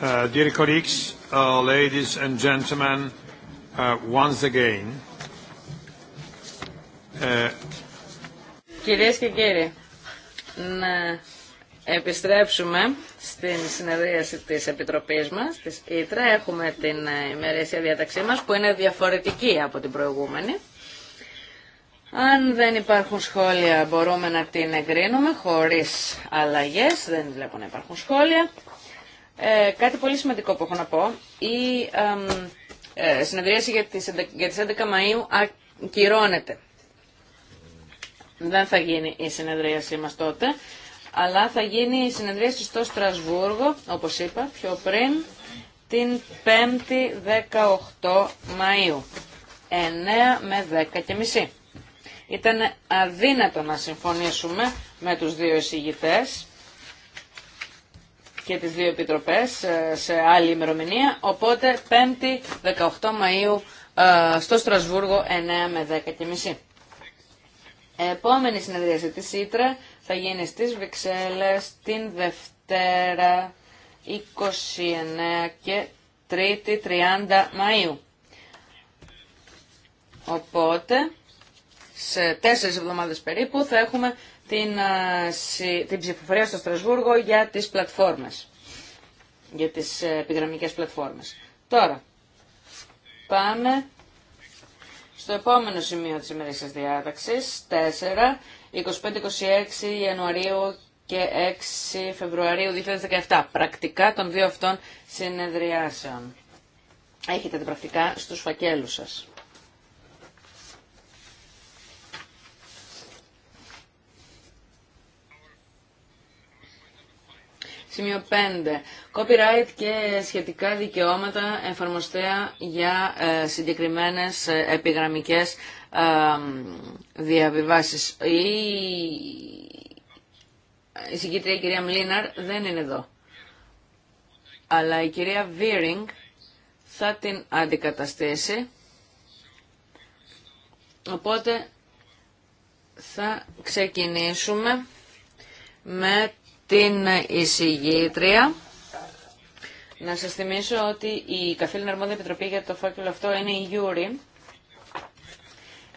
Uh, uh, and gentlemen, uh, once again. Κυρίες και κύριοι, να επιστρέψουμε στην συνεδρίαση της Επιτροπής μας, της ΙΤΡΑ. Έχουμε την ε, ημερήσια διάταξή μας που είναι διαφορετική από την προηγούμενη. Αν δεν υπάρχουν σχόλια μπορούμε να την εγκρίνουμε χωρίς αλλαγές, δεν βλέπω να υπάρχουν σχόλια. Ε, κάτι πολύ σημαντικό που έχω να πω. Η ε, συνεδρίαση για τις, 11, για τις 11 Μαΐου ακυρώνεται. Δεν θα γίνει η συνεδρίασή μας τότε, αλλά θα γίνει η συνεδρίαση στο Στρασβούργο, όπως είπα πιο πριν, την 5η 18 Μαΐου, 9 με 10 και μισή. Ήταν αδύνατο να συμφωνήσουμε με τους δύο εισηγητές και τις δύο επιτροπές ε, σε άλλη ημερομηνία, οπότε 5η 18 Μαΐου ε, στο Στρασβούργο 9 με 10 και μισή. Επόμενη συνεδρίαση της ΣΥΤΡΑ θα γίνει στις Βρυξέλλες την Δευτέρα 29 και 3η 30 Μαΐου. Οπότε, σε τέσσερις εβδομάδες περίπου θα έχουμε την, ε, την ψηφοφορία στο Στρασβούργο για τις πλατφόρμες, για τις ε, επιγραμμικές πλατφόρμες. Τώρα, πάμε στο επόμενο σημείο της ημερήσιας διάταξης, 4, 25-26 Ιανουαρίου και 6 Φεβρουαρίου 2017. Πρακτικά των δύο αυτών συνεδριάσεων. Έχετε τα πρακτικά στους φακέλους σας. Σημείο 5. Copyright και σχετικά δικαιώματα εφαρμοστέα για ε, συγκεκριμένες ε, επιγραμμικές ε, διαβιβάσεις. Η συγκήτρια η κυρία Μλίναρ δεν είναι εδώ. Αλλά η κυρία Βίρινγκ θα την αντικαταστήσει. Οπότε θα ξεκινήσουμε με την εισηγήτρια. Να σας θυμίσω ότι η καθήλυνα αρμόδια επιτροπή για το φάκελο αυτό είναι η Γιούρη.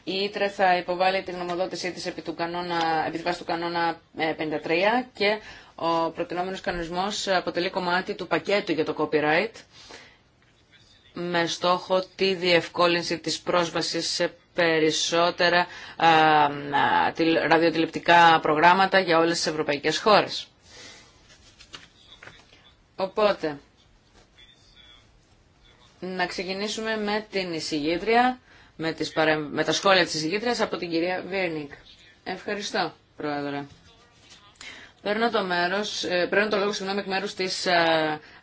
Η Ήτρε θα υποβάλει την νομοδότησή της επί, του κανόνα, επί του κανόνα 53 ε, και ο προτινόμενος κανονισμός αποτελεί κομμάτι του πακέτου για το copyright με στόχο τη διευκόλυνση της πρόσβασης σε περισσότερα α, ε, ε, ραδιοτηλεπτικά προγράμματα για όλες τις ευρωπαϊκές χώρες. Οπότε, να ξεκινήσουμε με την εισηγήτρια, με, τις τα σχόλια της εισηγήτριας από την κυρία Βίρνικ. Ευχαριστώ, Πρόεδρε. Παίρνω το, μέρος, ε, παίρνω το λόγο συγγνώμη εκ μέρους της ε,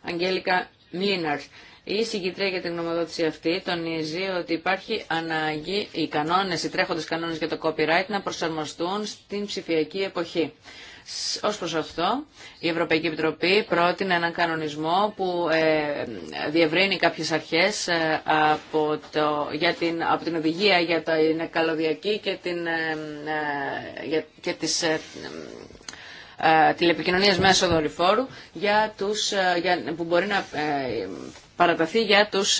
Αγγέλικα Μίναρτ. Η εισηγήτρια για την γνωμοδότηση αυτή τονίζει ότι υπάρχει ανάγκη οι κανόνε, οι τρέχοντε κανόνε για το copyright να προσαρμοστούν στην ψηφιακή εποχή. Ως προς αυτό, η Ευρωπαϊκή Επιτροπή πρότεινε έναν κανονισμό που ε, διευρύνει κάποιες αρχές ε, από, για την, από την οδηγία για την καλωδιακή και, την, ε, και τις τηλεπικοινωνίες μέσω δορυφόρου για τους, για, που μπορεί να παραταθεί για τους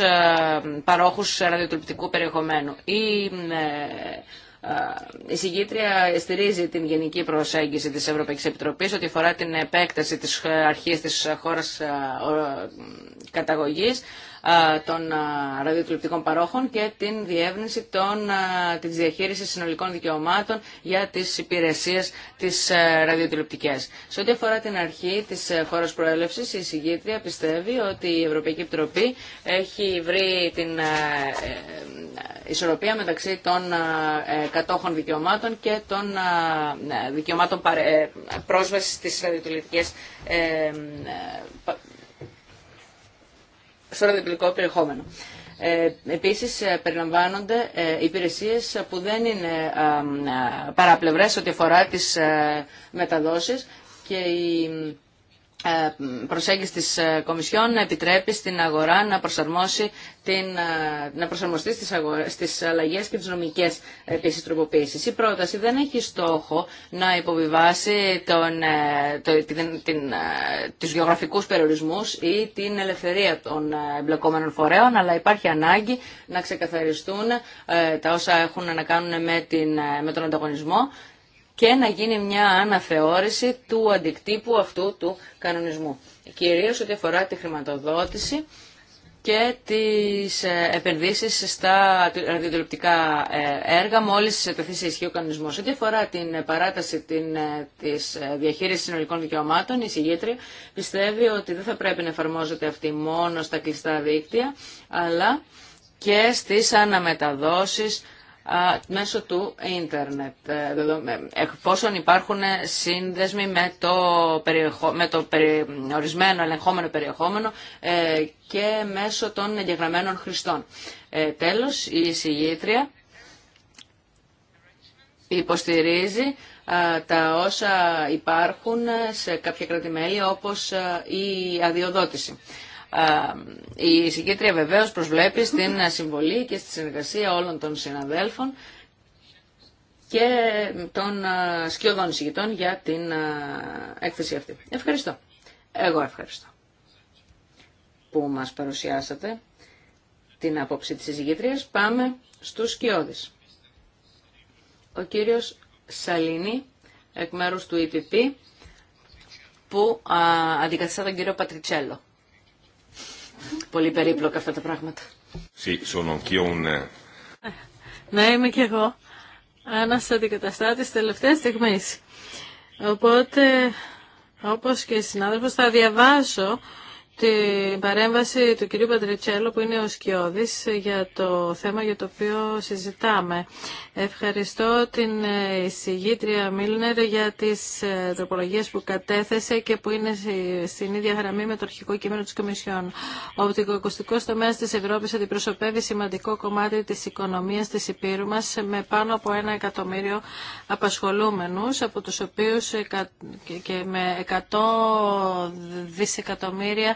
παρόχους ραδιοτηλεπτικού περιεχομένου. Η η συγκήτρια στηρίζει την γενική προσέγγιση της Ευρωπαϊκής Επιτροπής ότι αφορά την επέκταση της αρχής της χώρας καταγωγής των ραδιοτηλεπτικών παρόχων και την διεύνηση των, της διαχείρισης συνολικών δικαιωμάτων για τις υπηρεσίες της ραδιοτηλεπτικές. Σε ό,τι αφορά την αρχή της χώρας προέλευσης, η συγκήτρια πιστεύει ότι η Ευρωπαϊκή Επιτροπή έχει βρει την ε, ισορροπία μεταξύ των ε, κατόχων δικαιωμάτων και των δικαιωμάτων ε, πρόσβασης στις ραδιοτηλεπτικές στο περιεχόμενο. Ε, επίσης ε, περιλαμβάνονται ε, υπηρεσίες που δεν είναι ε, παραπλευρές ό,τι αφορά τις μεταδόσεις και η ε, προσέγγιση της ε, Κομισιόν επιτρέπει στην αγορά να, προσαρμόσει την, ε, να προσαρμοστεί στις, αγορές, στις αλλαγές και τις νομικές επίσης τροποποίησεις. Η πρόταση δεν έχει στόχο να υποβιβάσει τον, το, την, την, γεωγραφικούς περιορισμούς ή την ελευθερία των εμπλεκόμενων φορέων, αλλά υπάρχει ανάγκη να ξεκαθαριστούν τα όσα έχουν να κάνουν με, την, με τον ανταγωνισμό και να γίνει μια αναθεώρηση του αντικτύπου αυτού του κανονισμού. Κυρίως ό,τι αφορά τη χρηματοδότηση και τις ε, επενδύσεις στα ραδιοτηλεπτικά ε, έργα μόλις τεθεί σε ισχύ ο κανονισμός. Ό,τι αφορά την παράταση την, ε, της διαχείρισης συνολικών δικαιωμάτων, η συγγήτρια πιστεύει ότι δεν θα πρέπει να εφαρμόζεται αυτή μόνο στα κλειστά δίκτυα, αλλά και στις αναμεταδόσεις μέσω του ίντερνετ. Εφόσον ε, υπάρχουν σύνδεσμοι με το, με το περι... ορισμένο ελεγχόμενο περιεχόμενο ε, και μέσω των εγγεγραμμένων χρηστών. Ε, τέλος, η εισηγήτρια υποστηρίζει τα όσα υπάρχουν σε κάποια κρατημέλη όπως η αδειοδότηση. Ε, η συγκετρια βεβαίως προσβλέπει στην συμβολή και στη συνεργασία όλων των συναδέλφων και των ε, σκιωδών συγκητών για την ε, έκθεση αυτή. Ευχαριστώ. Εγώ ευχαριστώ που μας παρουσιάσατε την άποψη της συζυγήτριας. Πάμε στους σκιώδεις. Ο κύριος Σαλίνη, εκ μέρους του ΕΠΠ που αντικαθιστά τον κύριο Πατριτσέλο. Πολύ περίπλοκα αυτά τα πράγματα. Ε, ναι, είμαι κι εγώ ένα αντικαταστάτη τελευταία στιγμή. Οπότε, όπως και συνάδελφος, θα διαβάσω την παρέμβαση του κυρίου Παντριτσέλο που είναι ο Σκιώδης για το θέμα για το οποίο συζητάμε. Ευχαριστώ την ε, εισηγήτρια Μίλνερ για τις ε, τροπολογίες που κατέθεσε και που είναι στην ίδια γραμμή με το αρχικό κείμενο της Κομισιόν. Ο οπτικοακουστικός τομέας της Ευρώπης αντιπροσωπεύει σημαντικό κομμάτι της οικονομίας της Υπήρου μας με πάνω από ένα εκατομμύριο απασχολούμενους από τους οποίους και με 100 δισεκατομμύρια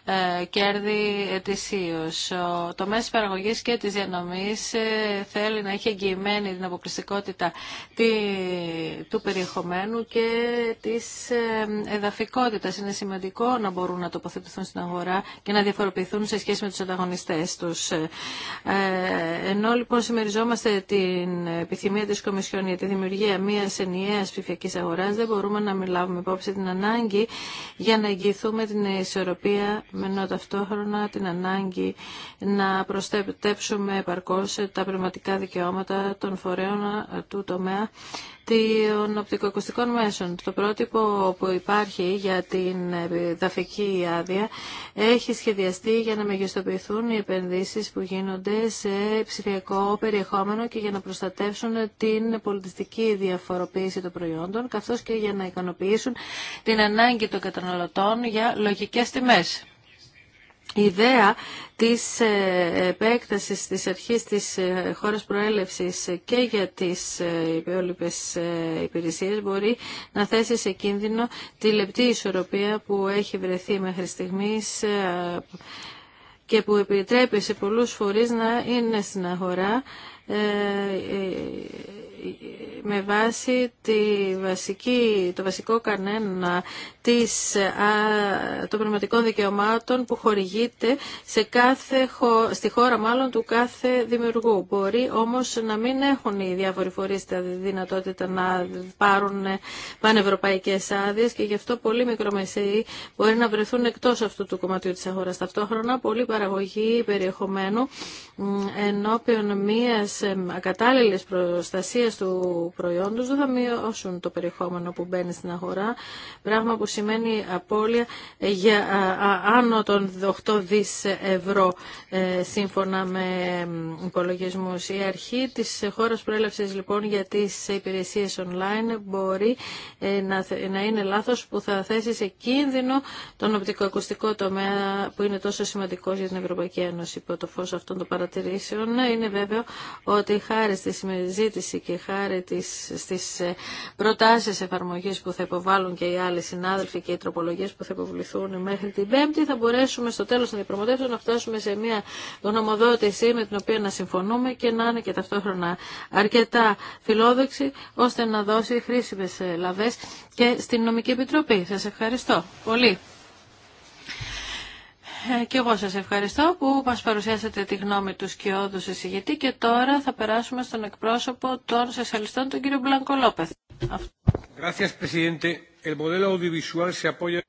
Ε, κέρδη ετησίω. Το τομέας της παραγωγής και της διανομής ε, θέλει να έχει εγγυημένη την αποκλειστικότητα του περιεχομένου και της ε, εδαφικότητα. Είναι σημαντικό να μπορούν να τοποθετηθούν στην αγορά και να διαφοροποιηθούν σε σχέση με τους ανταγωνιστές τους. Ενώ λοιπόν συμμεριζόμαστε την επιθυμία της Κομισιόν για τη δημιουργία μιας ενιαίας ψηφιακής αγοράς, δεν μπορούμε να μιλάμε υπόψη την ανάγκη για να εγγυηθούμε την ισορροπία ενώ ταυτόχρονα την ανάγκη να προστατεύσουμε επαρκώς τα πνευματικά δικαιώματα των φορέων του τομέα των οπτικοακουστικών μέσων. Το πρότυπο που υπάρχει για την δαφική άδεια έχει σχεδιαστεί για να μεγιστοποιηθούν οι επενδύσεις που γίνονται σε ψηφιακό περιεχόμενο και για να προστατεύσουν την πολιτιστική διαφοροποίηση των προϊόντων, καθώς και για να ικανοποιήσουν την ανάγκη των καταναλωτών για λογικές τιμές. Η ιδέα της ε, επέκτασης της αρχής της ε, χώρας προέλευσης και για τις ε, υπόλοιπες υπηρεσίες μπορεί να θέσει σε κίνδυνο τη λεπτή ισορροπία που έχει βρεθεί μέχρι στιγμής και που επιτρέπει σε πολλούς φορείς να είναι στην αγορά με βάση τη βασική, το βασικό κανένα της, των πνευματικών δικαιωμάτων που χορηγείται σε κάθε, στη χώρα μάλλον του κάθε δημιουργού. Μπορεί όμως να μην έχουν οι διάφοροι φορείς τη δυνατότητα να πάρουν πανευρωπαϊκές άδειε και γι' αυτό πολλοί μικρομεσαίοι μπορεί να βρεθούν εκτός αυτού του κομματιού της αγοράς. Ταυτόχρονα πολλή παραγωγή περιεχομένου ενώπιον μιας ακατάλληλης προστασίας του δεν θα μειώσουν το περιεχόμενο που μπαίνει στην αγορά, πράγμα που σημαίνει απώλεια για άνω των 8 δις ευρώ ε, σύμφωνα με υπολογισμούς. Η αρχή της χώρας προέλευσης λοιπόν για τις υπηρεσίες online μπορεί ε, να είναι λάθος που θα θέσει σε κίνδυνο τον οπτικοακουστικό τομέα που είναι τόσο σημαντικός για την Ευρωπαϊκή Ένωση υπό το φως αυτών των παρατηρήσεων. Είναι βέβαιο ότι χάρη στη συζήτηση και χάρη στις, στις ε, προτάσεις εφαρμογής που θα υποβάλουν και οι άλλοι συνάδελφοι και οι τροπολογίες που θα υποβληθούν μέχρι την Πέμπτη, θα μπορέσουμε στο τέλος των διαπραγματεύσεων να φτάσουμε σε μια γνωμοδότηση με την οποία να συμφωνούμε και να είναι και ταυτόχρονα αρκετά φιλόδοξη, ώστε να δώσει χρήσιμες ε, λαβές και στην Νομική Επιτροπή. Σας ευχαριστώ πολύ. Ε, και εγώ σας ευχαριστώ που μας παρουσιάσατε τη γνώμη του σε συγγετή και τώρα θα περάσουμε στον εκπρόσωπο των σοσιαλιστών, τον κύριο Μπλανκολόπεθ.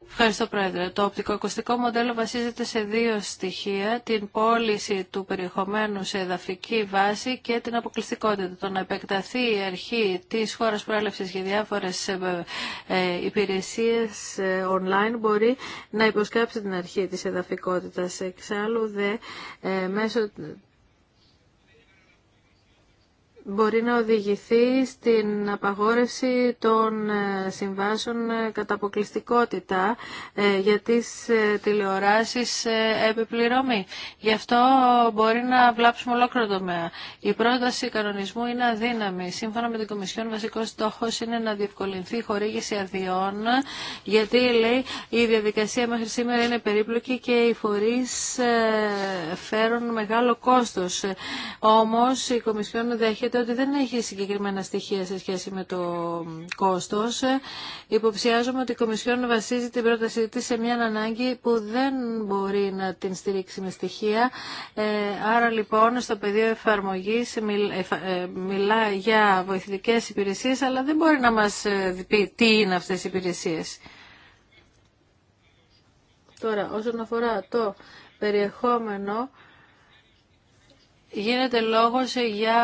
Ευχαριστώ, Πρόεδρε. Το οπτικοακουστικό μοντέλο βασίζεται σε δύο στοιχεία, την πώληση του περιεχομένου σε εδαφική βάση και την αποκλειστικότητα. Το να επεκταθεί η αρχή της χώρας προέλευσης για διάφορες ε, ε, υπηρεσίες ε, online μπορεί να υποσκάψει την αρχή της εδαφικότητας. Εξάλλου, δε, μέσω μπορεί να οδηγηθεί στην απαγόρευση των ε, συμβάσεων ε, κατά αποκλειστικότητα ε, για τις τηλεοράσεις επιπληρωμή. Γι' αυτό μπορεί να βλάψουμε ολόκληρο τομέα. Η πρόταση κανονισμού είναι αδύναμη. Σύμφωνα με την Κομισιόν, βασικός στόχος είναι να διευκολυνθεί η χορήγηση αδειών, γιατί λέει η διαδικασία μέχρι σήμερα είναι περίπλοκη και οι φορείς φέρουν μεγάλο κόστος. Όμως η Κομισιόν δέχεται ότι δεν έχει συγκεκριμένα στοιχεία σε σχέση με το κόστος. Υποψιάζομαι ότι η Κομισιόν βασίζει την πρότασή της σε μια ανάγκη που δεν μπορεί να την στηρίξει με στοιχεία. Ε, άρα λοιπόν στο πεδίο εφαρμογής ε, μιλά για βοηθητικές υπηρεσίες, αλλά δεν μπορεί να μας ε, πει τι είναι αυτές οι υπηρεσίες. Τώρα, όσον αφορά το περιεχόμενο, γίνεται λόγος για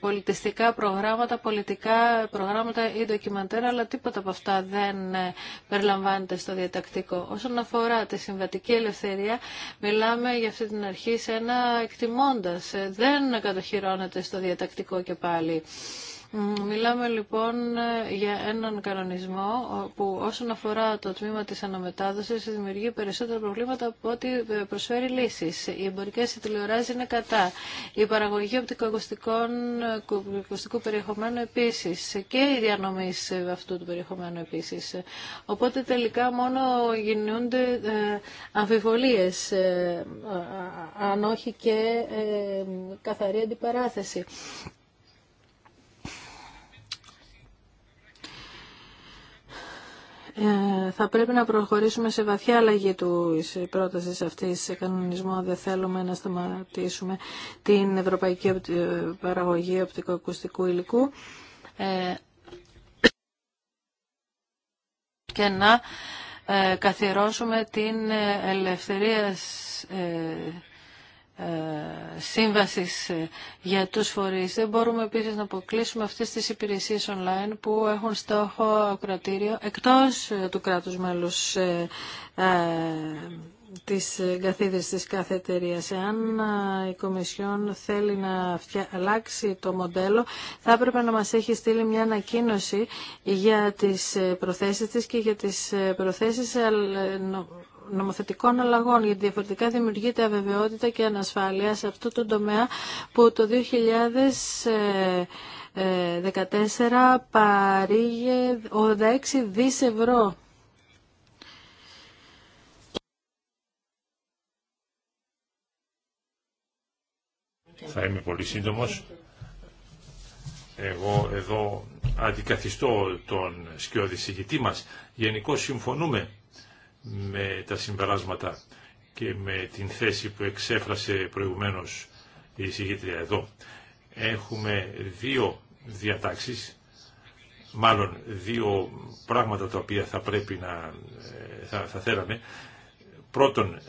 πολιτιστικά προγράμματα, πολιτικά προγράμματα ή ντοκιμαντέρ, αλλά τίποτα από αυτά δεν ε, περιλαμβάνεται στο διατακτικό. Όσον αφορά τη συμβατική ελευθερία, μιλάμε για αυτή την αρχή σε ένα εκτιμώντας. Ε, δεν κατοχυρώνεται στο διατακτικό και πάλι. Μιλάμε λοιπόν ε, για έναν κανονισμό που όσον αφορά το τμήμα της αναμετάδοσης δημιουργεί περισσότερα προβλήματα από ό,τι ε, προσφέρει λύσεις. Οι εμπορικέ τηλεοράσει είναι κατά. Η παραγωγή οπτικοακουστικού ε, περιεχομένου επίσης και οι διανομή αυτού του περιεχομένου επίσης. Οπότε τελικά μόνο γινούνται αμφιβολίες, αν όχι και καθαρή αντιπαράθεση. Ε, θα πρέπει να προχωρήσουμε σε βαθιά αλλαγή του πρόταση αυτή σε κανονισμό. Δεν θέλουμε να σταματήσουμε την ευρωπαϊκή παραγωγή οπτικοακουστικού υλικού ε, και να ε, καθιερώσουμε την ελευθερία ε, σύμβασης ε, για τους φορείς. Δεν μπορούμε επίσης να αποκλείσουμε αυτές τις υπηρεσίες online που έχουν στόχο κρατήριο εκτός ε, του κράτους μέλους της καθίδρυσης της κάθε εταιρεία. Εάν η Κομισιόν θέλει να αλλάξει το μοντέλο, θα έπρεπε να μας έχει στείλει μια ανακοίνωση για τις προθέσεις της και για τις προθέσεις νομοθετικών αλλαγών, γιατί διαφορετικά δημιουργείται αβεβαιότητα και ανασφάλεια σε αυτό το τομέα που το 2014 ε, ε, παρήγε 86 δις ευρώ. Θα είμαι πολύ σύντομος. Εγώ εδώ αντικαθιστώ τον σκιώδη συγκητή μας. Γενικώ συμφωνούμε με τα συμπεράσματα και με την θέση που εξέφρασε προηγουμένως η εισηγήτρια εδώ. Έχουμε δύο διατάξεις, μάλλον δύο πράγματα τα οποία θα πρέπει να ε, θα, θέλαμε. Πρώτον,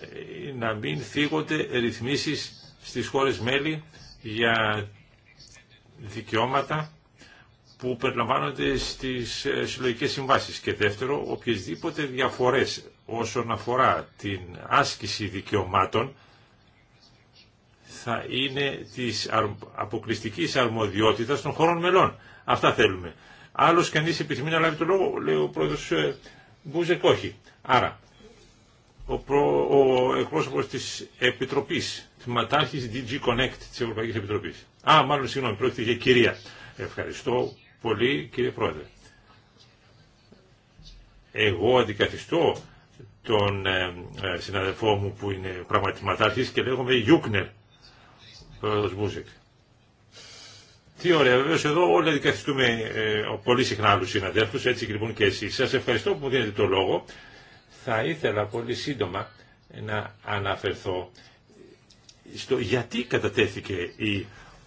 να μην θίγονται ρυθμίσεις στις χώρες μέλη για δικαιώματα που περιλαμβάνονται στις ε, συλλογικές συμβάσεις. Και δεύτερο, οποιασδήποτε διαφορές όσον αφορά την άσκηση δικαιωμάτων θα είναι της αποκλειστικής αρμοδιότητας των χωρών μελών. Αυτά θέλουμε. Άλλος κανείς επιθυμεί να λάβει το λόγο, λέει ο πρόεδρος ε, Μπούζεκ όχι. Άρα, ο, προ, ο εκπρόσωπος της Επιτροπής, DG Connect της Ευρωπαϊκής Επιτροπής. Α, μάλλον συγγνώμη, πρόκειται για κυρία. Ευχαριστώ πολύ κύριε πρόεδρε. Εγώ αντικαθιστώ τον ε, ε, συναδελφό μου που είναι πραγματιματάρχης και λέγομαι Γιούκνερ, πρόεδρος Μπούζεκ. Τι ωραία, βεβαίω εδώ όλοι δικαστούμε ε, πολύ συχνά άλλου συναδέλφου, έτσι λοιπόν και εσείς. Σας ευχαριστώ που μου δίνετε το λόγο. Θα ήθελα πολύ σύντομα να αναφερθώ στο γιατί κατατέθηκε η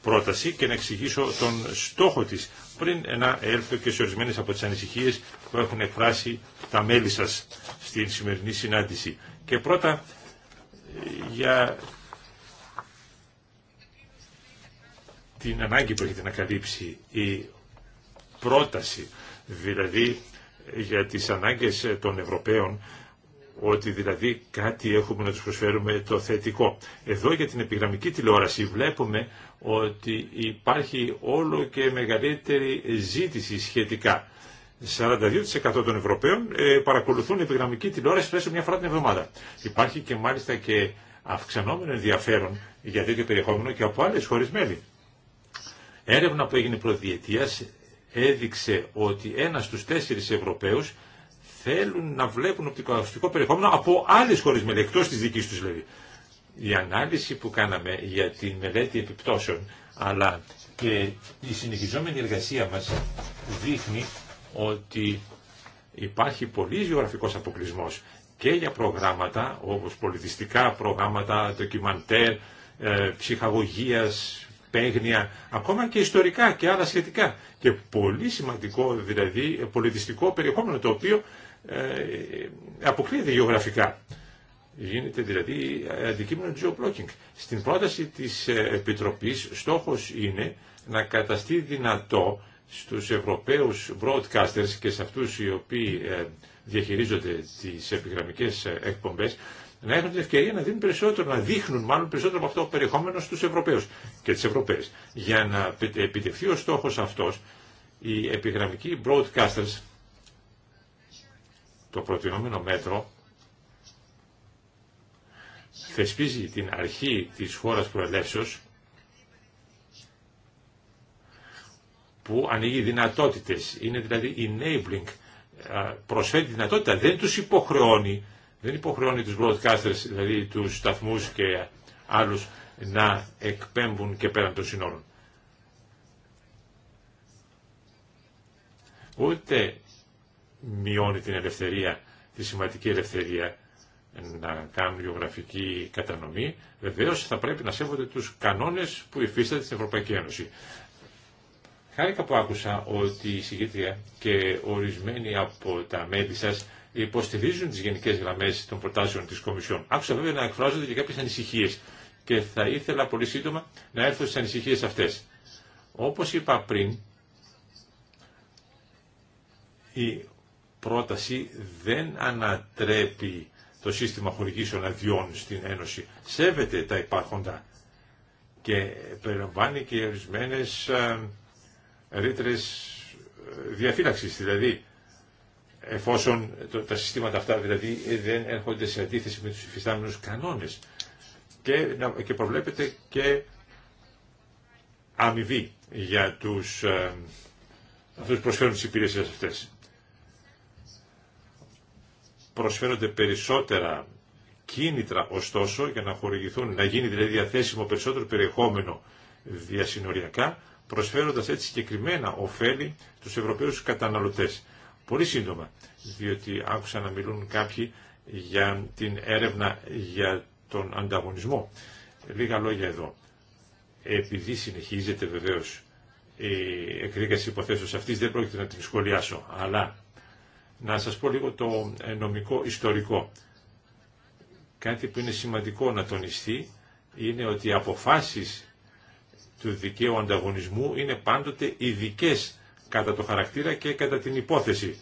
πρόταση και να εξηγήσω τον στόχο της πριν να έρθω και σε ορισμένε από τις ανησυχίες που έχουν εκφράσει τα μέλη σας στην σημερινή συνάντηση. Και πρώτα για την ανάγκη που έχετε να καλύψει η πρόταση, δηλαδή για τις ανάγκες των Ευρωπαίων, ότι δηλαδή κάτι έχουμε να τους προσφέρουμε το θετικό. Εδώ για την επιγραμμική τηλεόραση βλέπουμε ότι υπάρχει όλο και μεγαλύτερη ζήτηση σχετικά. 42% των Ευρωπαίων ε, παρακολουθούν επιγραμμική τηλεόραση τουλάχιστον μια φορά την εβδομάδα. Υπάρχει και μάλιστα και αυξανόμενο ενδιαφέρον για τέτοιο περιεχόμενο και από άλλες χώρες μέλη. Έρευνα που έγινε προδιετίας έδειξε ότι ένας στους τέσσερις Ευρωπαίους θέλουν να βλέπουν οπτικοακουστικό περιεχόμενο από άλλες χώρες μέλη, εκτός της δικής τους δηλαδή. Η ανάλυση που κάναμε για τη μελέτη επιπτώσεων αλλά και η συνεχιζόμενη εργασία μας δείχνει ότι υπάρχει πολύ γεωγραφικός αποκλεισμός και για προγράμματα όπως πολιτιστικά προγράμματα, ντοκιμαντέρ, ε, ψυχαγωγίας, παίγνια, ακόμα και ιστορικά και άλλα σχετικά. Και πολύ σημαντικό δηλαδή πολιτιστικό περιεχόμενο το οποίο ε, αποκλείεται γεωγραφικά. Γίνεται δηλαδή αντικείμενο geoblocking. Στην πρόταση της ε, Επιτροπής στόχος είναι να καταστεί δυνατό στους Ευρωπαίους broadcasters και σε αυτούς οι οποίοι ε, διαχειρίζονται τις επιγραμμικές ε, εκπομπές να έχουν την ευκαιρία να δίνουν περισσότερο, να δείχνουν μάλλον περισσότερο από αυτό το περιεχόμενο στους Ευρωπαίους και τις Ευρωπαίες. Για να επιτευχθεί ο στόχος αυτός, οι επιγραμμικοί broadcasters, το προτινόμενο μέτρο, θεσπίζει την αρχή της χώρας προελεύσεως που ανοίγει δυνατότητες. Είναι δηλαδή enabling, προσφέρει δυνατότητα, δεν τους υποχρεώνει, δεν υποχρεώνει τους broadcasters, δηλαδή τους σταθμούς και άλλους να εκπέμπουν και πέραν των συνόρων. Ούτε μειώνει την ελευθερία, τη σημαντική ελευθερία να κάνουν γεωγραφική κατανομή, βεβαίω θα πρέπει να σέβονται του κανόνε που υφίσταται στην Ευρωπαϊκή Ένωση. Χάρηκα που άκουσα ότι η συγκέντρια και ορισμένοι από τα μέλη σα υποστηρίζουν τι γενικέ γραμμέ των προτάσεων τη Κομισιόν. Άκουσα βέβαια να εκφράζονται και κάποιε ανησυχίε και θα ήθελα πολύ σύντομα να έρθω στι ανησυχίε αυτέ. Όπω είπα πριν, η πρόταση δεν ανατρέπει το σύστημα χορηγήσεων αδειών στην Ένωση. Σέβεται τα υπάρχοντα και περιλαμβάνει και ορισμένε ε, ρήτρε διαφύλαξη. Δηλαδή, εφόσον τα συστήματα αυτά δηλαδή δεν έρχονται σε αντίθεση με τους υφιστάμενους κανόνες και, και προβλέπεται και αμοιβή για τους ε, αυτούς που προσφέρουν τις υπηρεσίες αυτές προσφέρονται περισσότερα κίνητρα ωστόσο για να χορηγηθούν, να γίνει δηλαδή διαθέσιμο περισσότερο περιεχόμενο διασυνοριακά, προσφέροντας έτσι συγκεκριμένα ωφέλη στους Ευρωπαίους καταναλωτές. Πολύ σύντομα, διότι άκουσα να μιλούν κάποιοι για την έρευνα για τον ανταγωνισμό. Λίγα λόγια εδώ. Επειδή συνεχίζεται βεβαίως η εκδίκαση υποθέσεως αυτής, δεν πρόκειται να την σχολιάσω, αλλά να σας πω λίγο το ε, νομικό ιστορικό. Κάτι που είναι σημαντικό να τονιστεί είναι ότι οι αποφάσεις του δικαίου ανταγωνισμού είναι πάντοτε ειδικέ κατά το χαρακτήρα και κατά την υπόθεση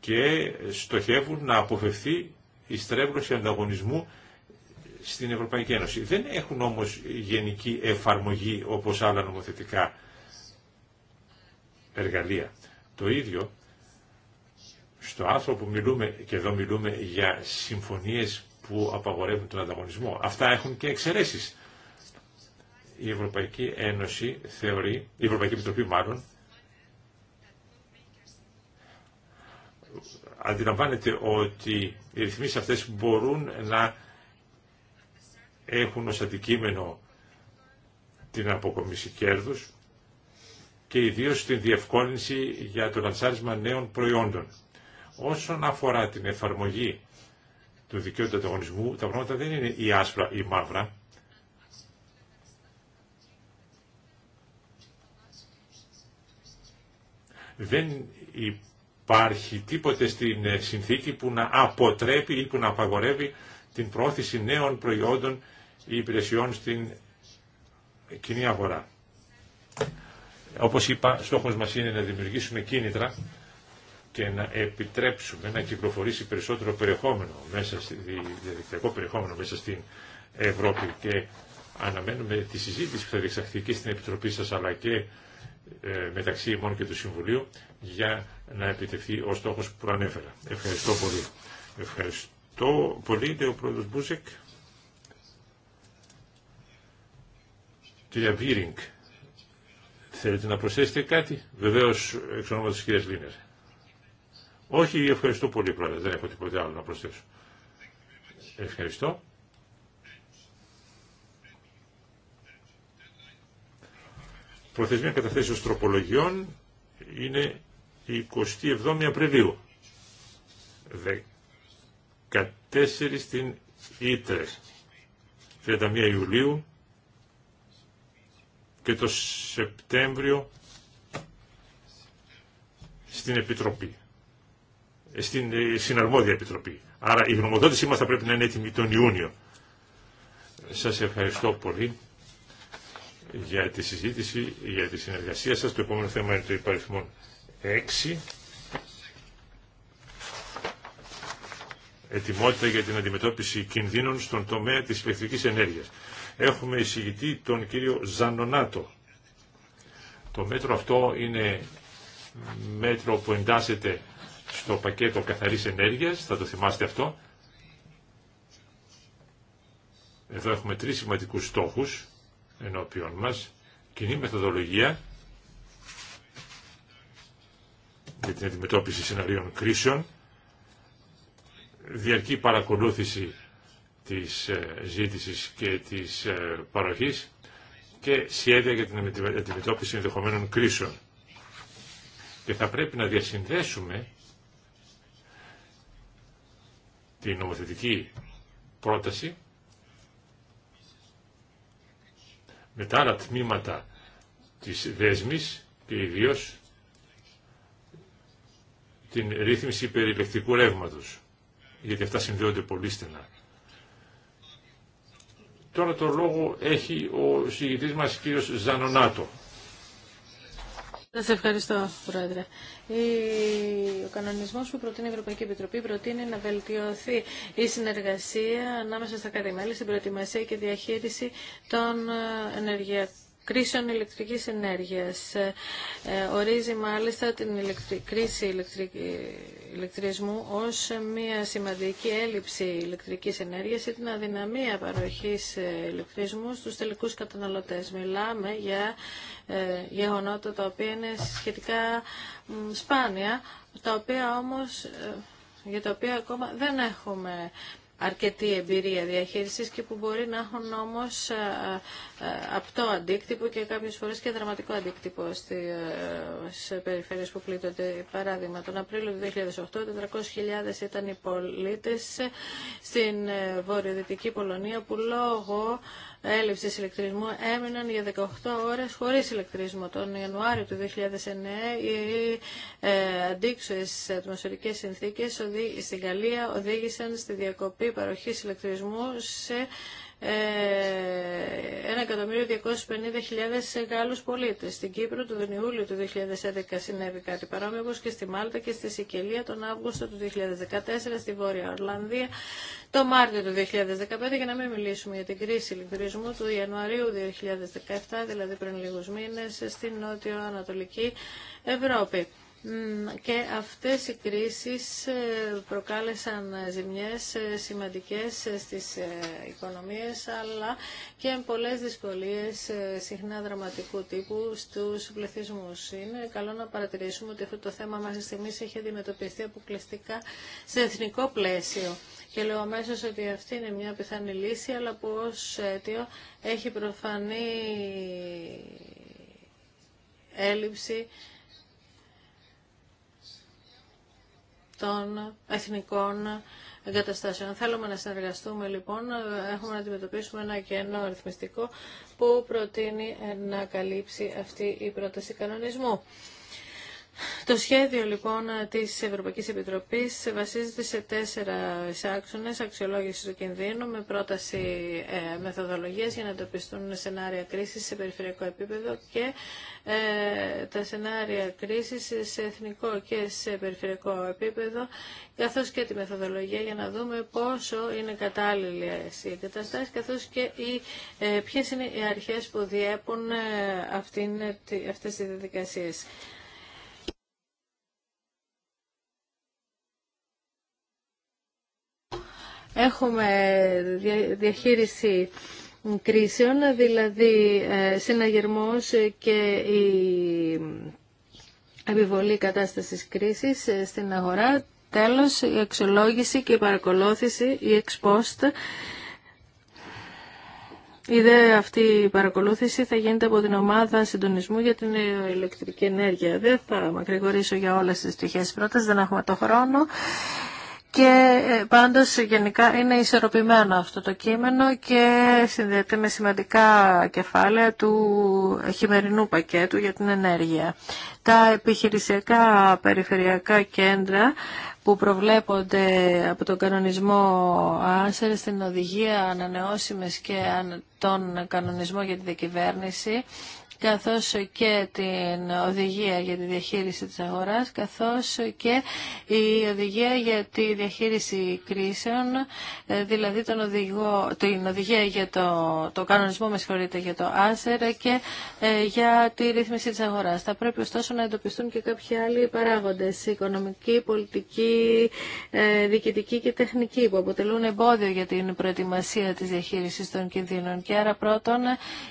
και στοχεύουν να αποφευθεί η στρέβλωση ανταγωνισμού στην Ευρωπαϊκή Ένωση. Δεν έχουν όμως γενική εφαρμογή όπως άλλα νομοθετικά εργαλεία. Το ίδιο στο άνθρωπο που μιλούμε και εδώ μιλούμε για συμφωνίες που απαγορεύουν τον ανταγωνισμό. Αυτά έχουν και εξαιρέσεις. Η Ευρωπαϊκή Ένωση θεωρεί, η Ευρωπαϊκή Επιτροπή μάλλον, αντιλαμβάνεται ότι οι ρυθμίσεις αυτές μπορούν να έχουν ως αντικείμενο την αποκομίση κέρδους και ιδίως στην διευκόλυνση για το λανσάρισμα νέων προϊόντων. Όσον αφορά την εφαρμογή του δικαίου του ανταγωνισμού, τα πράγματα δεν είναι ή άσπρα ή μαύρα. Δεν υπάρχει τίποτε στην ε, συνθήκη που να αποτρέπει ή που να απαγορεύει την πρόθεση νέων προϊόντων ή υπηρεσιών στην κοινή αγορά. Όπως είπα, στόχος μας είναι να δημιουργήσουμε κίνητρα και να επιτρέψουμε να κυκλοφορήσει περισσότερο περιεχόμενο μέσα στη, διαδικτυακό περιεχόμενο μέσα στην Ευρώπη και αναμένουμε τη συζήτηση που θα διεξαχθεί και στην Επιτροπή σας αλλά και ε, μεταξύ ημών και του Συμβουλίου για να επιτευχθεί ο στόχος που προανέφερα. Ευχαριστώ πολύ. Ευχαριστώ πολύ, Θέλετε να προσθέσετε κάτι. Βεβαίως, εξ ονόματο τη κυρία Λίνερ. Όχι, ευχαριστώ πολύ πρόεδρε. Δεν έχω τίποτα άλλο να προσθέσω. Ευχαριστώ. Προθεσμία καταθέσεως τροπολογιών είναι 27 Απριλίου. 14 στην Ήτρε. 31 Ιουλίου και το Σεπτέμβριο στην Επιτροπή, ε, στην ε, Συναρμόδια Επιτροπή. Άρα η γνωμοδότησή μας θα πρέπει να είναι έτοιμη τον Ιούνιο. Σας ευχαριστώ πολύ για τη συζήτηση, για τη συνεργασία σας. Το επόμενο θέμα είναι το υπαριθμό 6. Ετοιμότητα για την αντιμετώπιση κινδύνων στον τομέα της ηλεκτρικής ενέργειας έχουμε εισηγητή τον κύριο Ζανονάτο. Το μέτρο αυτό είναι μέτρο που εντάσσεται στο πακέτο καθαρής ενέργειας, θα το θυμάστε αυτό. Εδώ έχουμε τρεις σημαντικούς στόχους ενώπιον μας. Κοινή μεθοδολογία για την αντιμετώπιση σενάριων κρίσεων, διαρκή παρακολούθηση της ε, ζήτησης και της ε, παροχής και σχέδια για την αντιμετώπιση ενδεχομένων κρίσεων. Και θα πρέπει να διασυνδέσουμε την νομοθετική πρόταση με τα άλλα τμήματα της δέσμης και ιδίως την ρύθμιση περιπεκτικού ρεύματος, γιατί αυτά συνδέονται πολύ στενά. Τώρα το λόγο έχει ο συγητής μας κύριος Ζανονάτο. Σας ευχαριστώ, Πρόεδρε. Ο κανονισμός που προτείνει η Ευρωπαϊκή Επιτροπή προτείνει να βελτιωθεί η συνεργασία ανάμεσα στα κατημέλη στην προετοιμασία και διαχείριση των ε, ενεργειακών κρίσεων ηλεκτρικής ενέργειας. Ε, ε, ορίζει μάλιστα την κρίση ηλεκτρισμού ως μια σημαντική έλλειψη ηλεκτρικής ενέργειας ή την αδυναμία παροχής ηλεκτρισμού στους τελικούς καταναλωτές. Μιλάμε για ε, γεγονότα τα οποία είναι σχετικά σπάνια, τα οποία όμως για τα οποία ακόμα δεν έχουμε αρκετή εμπειρία διαχείρισης και που μπορεί να έχουν όμως ε, ε, απτό αντίκτυπο και κάποιες φορές και δραματικό αντίκτυπο στις ε, περιφέρειες που πλήττονται. Παράδειγμα, τον Απρίλιο του 2008 400.000 ήταν οι πολίτες στην βορειοδυτική Πολωνία που λόγω έλλειψη ηλεκτρισμού έμειναν για 18 ώρες χωρίς ηλεκτρισμό. Τον Ιανουάριο του 2009 οι ε, αντίξωες συνθήκε συνθήκες στην Γαλλία οδήγησαν στη διακοπή παροχής ηλεκτρισμού σε 1.250.000 ε, Γάλλους πολίτες. Στην Κύπρο του Ιούλιο του 2011 συνέβη κάτι παρόμοιο, όπως και στη Μάλτα και στη Σικελία τον Αύγουστο του 2014, στη Βόρεια Ορλανδία το Μάρτιο του 2015, για να μην μιλήσουμε για την κρίση λιγρισμού του Ιανουαρίου 2017, δηλαδή πριν λίγους μήνες, στην Νότιο Ανατολική Ευρώπη και αυτές οι κρίσεις ε, προκάλεσαν ε, ζημιές ε, σημαντικές στις οικονομίες αλλά και πολλές δυσκολίες συχνά δραματικού τύπου στους πληθυσμούς. Είναι καλό να παρατηρήσουμε ότι αυτό το θέμα μας στιγμής έχει αντιμετωπιστεί αποκλειστικά σε εθνικό πλαίσιο. Και λέω αμέσω ότι αυτή είναι μια πιθανή λύση, αλλά που ως αίτιο έχει προφανή έλλειψη των εθνικών εγκαταστάσεων. Θέλουμε να συνεργαστούμε λοιπόν, έχουμε να αντιμετωπίσουμε ένα κενό αριθμιστικό που προτείνει να καλύψει αυτή η πρόταση κανονισμού. Το σχέδιο λοιπόν της Ευρωπαϊκής Επιτροπής βασίζεται σε τέσσερα άξονες αξιολόγηση του κινδύνου με πρόταση ε, μεθοδολογίας για να εντοπιστούν σενάρια κρίσης σε περιφερειακό επίπεδο και ε, τα σενάρια κρίσης σε εθνικό και σε περιφερειακό επίπεδο καθώς και τη μεθοδολογία για να δούμε πόσο είναι κατάλληλες οι εγκαταστάσεις καθώς και ε, είναι οι αρχές που διέπουν ε, αυτές τις διαδικασίες. Έχουμε διαχείριση κρίσεων, δηλαδή ε, συναγερμός και η επιβολή κατάστασης κρίσης ε, στην αγορά. Τέλος, η αξιολόγηση και η παρακολούθηση, η ex post. Η δε αυτή παρακολούθηση θα γίνεται από την ομάδα συντονισμού για την ηλεκτρική ενέργεια. Δεν θα μακρηγορήσω για όλες τις τυχές πρώτα, δεν έχουμε το χρόνο και ε, πάντως γενικά είναι ισορροπημένο αυτό το κείμενο και συνδέεται με σημαντικά κεφάλαια του χειμερινού πακέτου για την ενέργεια. Τα επιχειρησιακά περιφερειακά κέντρα που προβλέπονται από τον κανονισμό ΆΣΕΡ στην οδηγία ανανεώσιμες και τον κανονισμό για τη διακυβέρνηση καθώς και την οδηγία για τη διαχείριση της αγοράς, καθώς και η οδηγία για τη διαχείριση κρίσεων, ε, δηλαδή τον οδηγό, την οδηγία για το, το κανονισμό, με συγχωρείτε, για το άσερα και ε, για τη ρύθμιση της αγοράς. Θα πρέπει ωστόσο να εντοπιστούν και κάποιοι άλλοι παράγοντες, οικονομική, πολιτική, ε, διοικητική και τεχνική, που αποτελούν εμπόδιο για την προετοιμασία της διαχείρισης των κινδύνων. Και άρα πρώτον,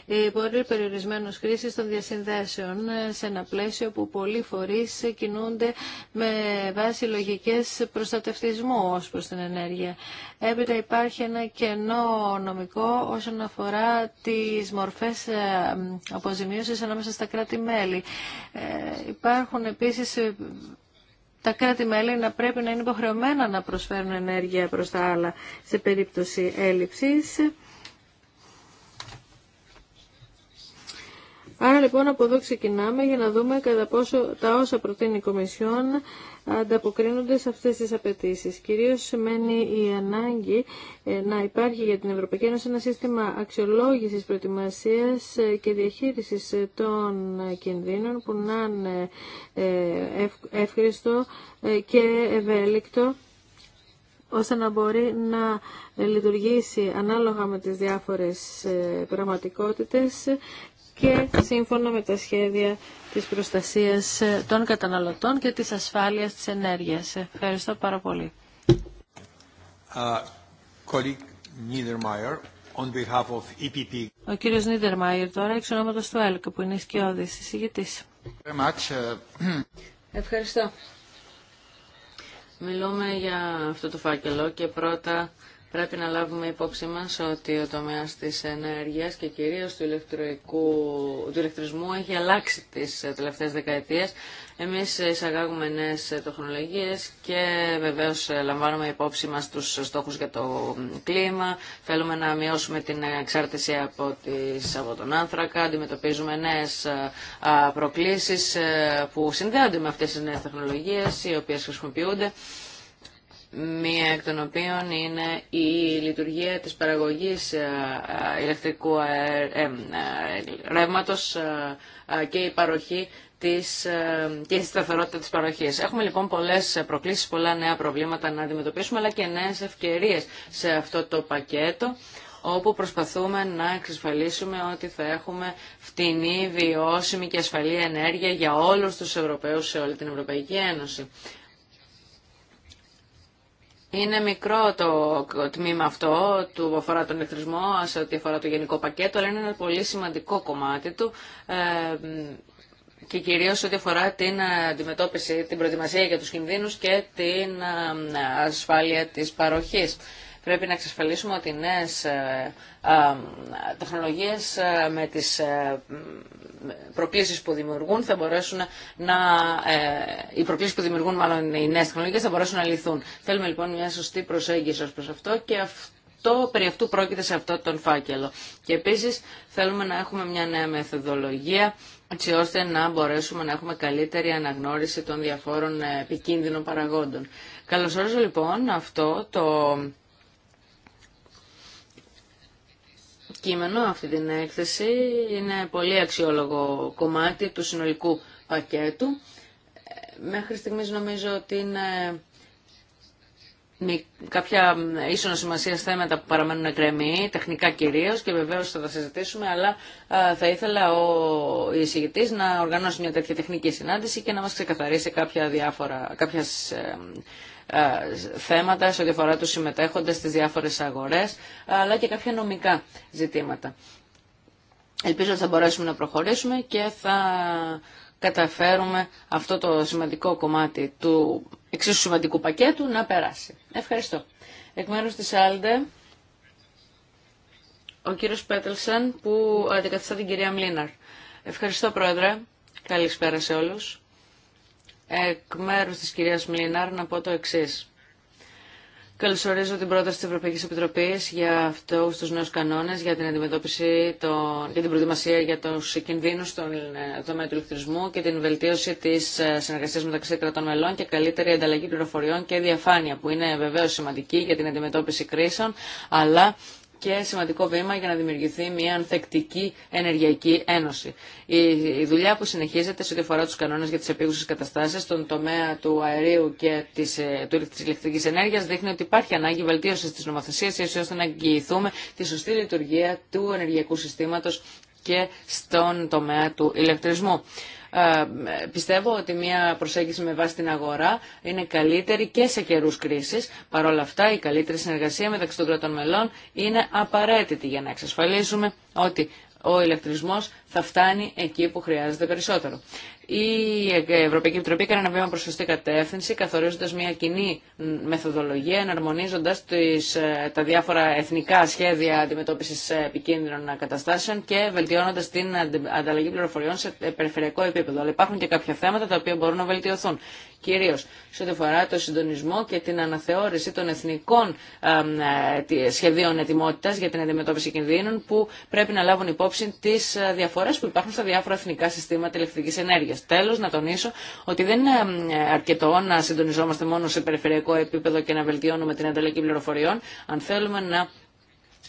οι πολύ περιορισμένους κρίσεις των διασυνδέσεων ε, σε ένα πλαίσιο που πολλοί φορεί κινούνται με βάση λογικέ προστατευτισμού ως προς την ενέργεια. Έπειτα υπάρχει ένα κενό νομικό όσον αφορά τις μορφές ε, αποζημίωσης ανάμεσα στα κράτη-μέλη. Ε, υπάρχουν επίσης τα κράτη-μέλη να πρέπει να είναι υποχρεωμένα να προσφέρουν ενέργεια προς τα άλλα σε περίπτωση έλλειψης. Άρα λοιπόν από εδώ ξεκινάμε για να δούμε κατά πόσο τα όσα προτείνει η Κομισιόν ανταποκρίνονται σε αυτές τις απαιτήσεις. Κυρίως σημαίνει η ανάγκη ε, να υπάρχει για την Ευρωπαϊκή Ένωση ένα σύστημα αξιολόγησης, προετοιμασίας ε, και διαχείρισης ε, των κινδύνων που να είναι εύχριστο και ευέλικτο ώστε να μπορεί να λειτουργήσει ανάλογα με τις διάφορες πραγματικότητες και σύμφωνα με τα σχέδια της προστασίας ε, των καταναλωτών και της ασφάλειας της ενέργειας. Ευχαριστώ πάρα πολύ. Uh, on behalf of EPP. Ο κύριος Νίδερμαϊερ τώρα, εξ ονόματος του έλκα, που είναι ισχυώδης εισηγητής. Uh, Ευχαριστώ. Μιλούμε για αυτό το φάκελο και πρώτα Πρέπει να λάβουμε υπόψη μας ότι ο τομέας της ενέργειας και κυρίως του, του ηλεκτρισμού έχει αλλάξει τις τελευταίες δεκαετίες. Εμείς εισαγάγουμε νέες τεχνολογίες και βεβαίως λαμβάνουμε υπόψη μας τους στόχους για το κλίμα. Θέλουμε να μειώσουμε την εξάρτηση από, τις, από τον άνθρακα. Αντιμετωπίζουμε νέες προκλήσεις ε, που συνδέονται με αυτές τις νέες τεχνολογίες οι οποίες χρησιμοποιούνται μία εκ των οποίων είναι η λειτουργία της παραγωγής ε, ηλεκτρικού ε, ε, ρεύματος και η παροχή της, και η σταθερότητα της παροχής. Έχουμε λοιπόν πολλές προκλήσεις, πολλά νέα προβλήματα να αντιμετωπίσουμε, αλλά και νέες ευκαιρίες σε αυτό το πακέτο όπου προσπαθούμε να εξασφαλίσουμε ότι θα έχουμε φτηνή, βιώσιμη και ασφαλή ενέργεια για όλους τους Ευρωπαίους σε όλη την Ευρωπαϊκή Ένωση. Είναι μικρό το τμήμα αυτό του αφορά τον ηλεκτρισμό, σε ό,τι αφορά το γενικό πακέτο, αλλά είναι ένα πολύ σημαντικό κομμάτι του ε, και κυρίως ό,τι αφορά την ε, αντιμετώπιση, την προετοιμασία για τους κινδύνους και την ε, ασφάλεια της παροχής. Πρέπει να εξασφαλίσουμε ότι οι νέες ε, ε, τεχνολογίες ε, με τι προκλήσει που δημιουργούν θα μπορέσουν να... οι προκλήσεις που δημιουργούν μάλλον οι νέε τεχνολογίε θα μπορέσουν να λυθούν. Θέλουμε λοιπόν μια σωστή προσέγγιση ω προ αυτό και αυτό περί αυτού πρόκειται σε αυτό τον φάκελο. Και επίση θέλουμε να έχουμε μια νέα μεθοδολογία έτσι ώστε να μπορέσουμε να έχουμε καλύτερη αναγνώριση των διαφόρων επικίνδυνων παραγόντων. Καλωσορίζω λοιπόν αυτό το κείμενο, αυτή την έκθεση. Είναι πολύ αξιόλογο κομμάτι του συνολικού πακέτου. Ε, μέχρι στιγμής νομίζω ότι είναι κάποια ίσονα σημασία θέματα που παραμένουν εκκρεμή, τεχνικά κυρίω και βεβαίω θα τα συζητήσουμε, αλλά ε, θα ήθελα ο εισηγητή να οργανώσει μια τέτοια τεχνική συνάντηση και να μα ξεκαθαρίσει κάποια διάφορα, κάποιες, ε, ε, θέματα σε ό,τι αφορά τους συμμετέχοντες στις διάφορες αγορές, αλλά και κάποια νομικά ζητήματα. Ελπίζω ότι θα μπορέσουμε να προχωρήσουμε και θα καταφέρουμε αυτό το σημαντικό κομμάτι του εξίσου σημαντικού πακέτου να περάσει. Ευχαριστώ. Εκ μέρους της Άλντε, ο κύριος Πέτελσεν που αντικαθιστά την κυρία Μλίναρ. Ευχαριστώ Πρόεδρε. Καλησπέρα σε όλους εκ μέρου τη κυρία Μλινάρ να πω το εξή. Καλωσορίζω την πρόταση τη Ευρωπαϊκή Επιτροπή για αυτού του νέου κανόνε για την αντιμετώπιση και την προετοιμασία για του κινδύνου στον ε, τομέα του ηλεκτρισμού και την βελτίωση τη ε, συνεργασία μεταξύ κρατών μελών και καλύτερη ανταλλαγή πληροφοριών και διαφάνεια, που είναι βεβαίω σημαντική για την αντιμετώπιση κρίσεων, αλλά και σημαντικό βήμα για να δημιουργηθεί μια ανθεκτική ενεργειακή ένωση. Η δουλειά που συνεχίζεται σε ό,τι αφορά του κανόνε για τι επίγουσε καταστάσει στον τομέα του αερίου και τη ε, ηλεκτρική ενέργεια δείχνει ότι υπάρχει ανάγκη βελτίωση τη νομοθεσία έτσι ώστε να εγγυηθούμε τη σωστή λειτουργία του ενεργειακού συστήματο και στον τομέα του ηλεκτρισμού. Ε, πιστεύω ότι μια προσέγγιση με βάση την αγορά είναι καλύτερη και σε καιρούς κρίσης. Παρ' όλα αυτά η καλύτερη συνεργασία μεταξύ των κρατών μελών είναι απαραίτητη για να εξασφαλίσουμε ότι ο ηλεκτρισμός θα φτάνει εκεί που χρειάζεται περισσότερο. Η Ευρωπαϊκή Επιτροπή έκανε ένα βήμα προ σωστή κατεύθυνση, καθορίζοντα μια κοινή μεθοδολογία, εναρμονίζοντα ε, τα διάφορα εθνικά σχέδια αντιμετώπιση ε, επικίνδυνων καταστάσεων και βελτιώνοντα την ανταλλαγή πληροφοριών σε ε, περιφερειακό επίπεδο. Αλλά υπάρχουν και κάποια θέματα τα οποία μπορούν να βελτιωθούν. Κυρίω σε ό,τι αφορά το συντονισμό και την αναθεώρηση των εθνικών σχεδίων ετοιμότητα για την αντιμετώπιση κινδύνων που πρέπει να λάβουν υπόψη τι διαφορέ που υπάρχουν στα διάφορα εθνικά συστήματα ηλεκτρική ενέργεια. Τέλο, να τονίσω ότι δεν είναι αρκετό να συντονιζόμαστε μόνο σε περιφερειακό επίπεδο και να βελτιώνουμε την ανταλλαγή πληροφοριών. Αν θέλουμε να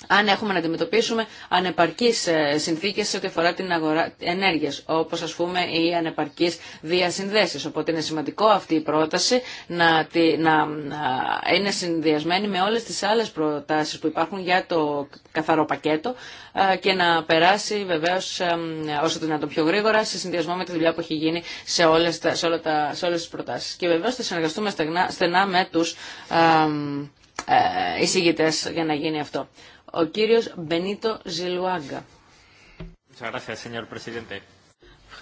αν έχουμε να αντιμετωπίσουμε ανεπαρκείς ε, συνθήκες σε ό,τι αφορά την αγορά ενέργειας, όπως ας πούμε οι ανεπαρκείς διασυνδέσεις. Οπότε είναι σημαντικό αυτή η πρόταση να, να είναι συνδυασμένη με όλες τις άλλες προτάσεις που υπάρχουν για το καθαρό πακέτο ε, και να περάσει βεβαίως ε, όσο το δυνατόν πιο γρήγορα σε συνδυασμό με τη δουλειά που έχει γίνει σε όλες, τα, σε όλα τα, όλες τις προτάσεις. Και βεβαίως θα συνεργαστούμε στενά, με τους εισηγητές για να γίνει αυτό ο κύριος Μπενίτο Ζιλουάγκα.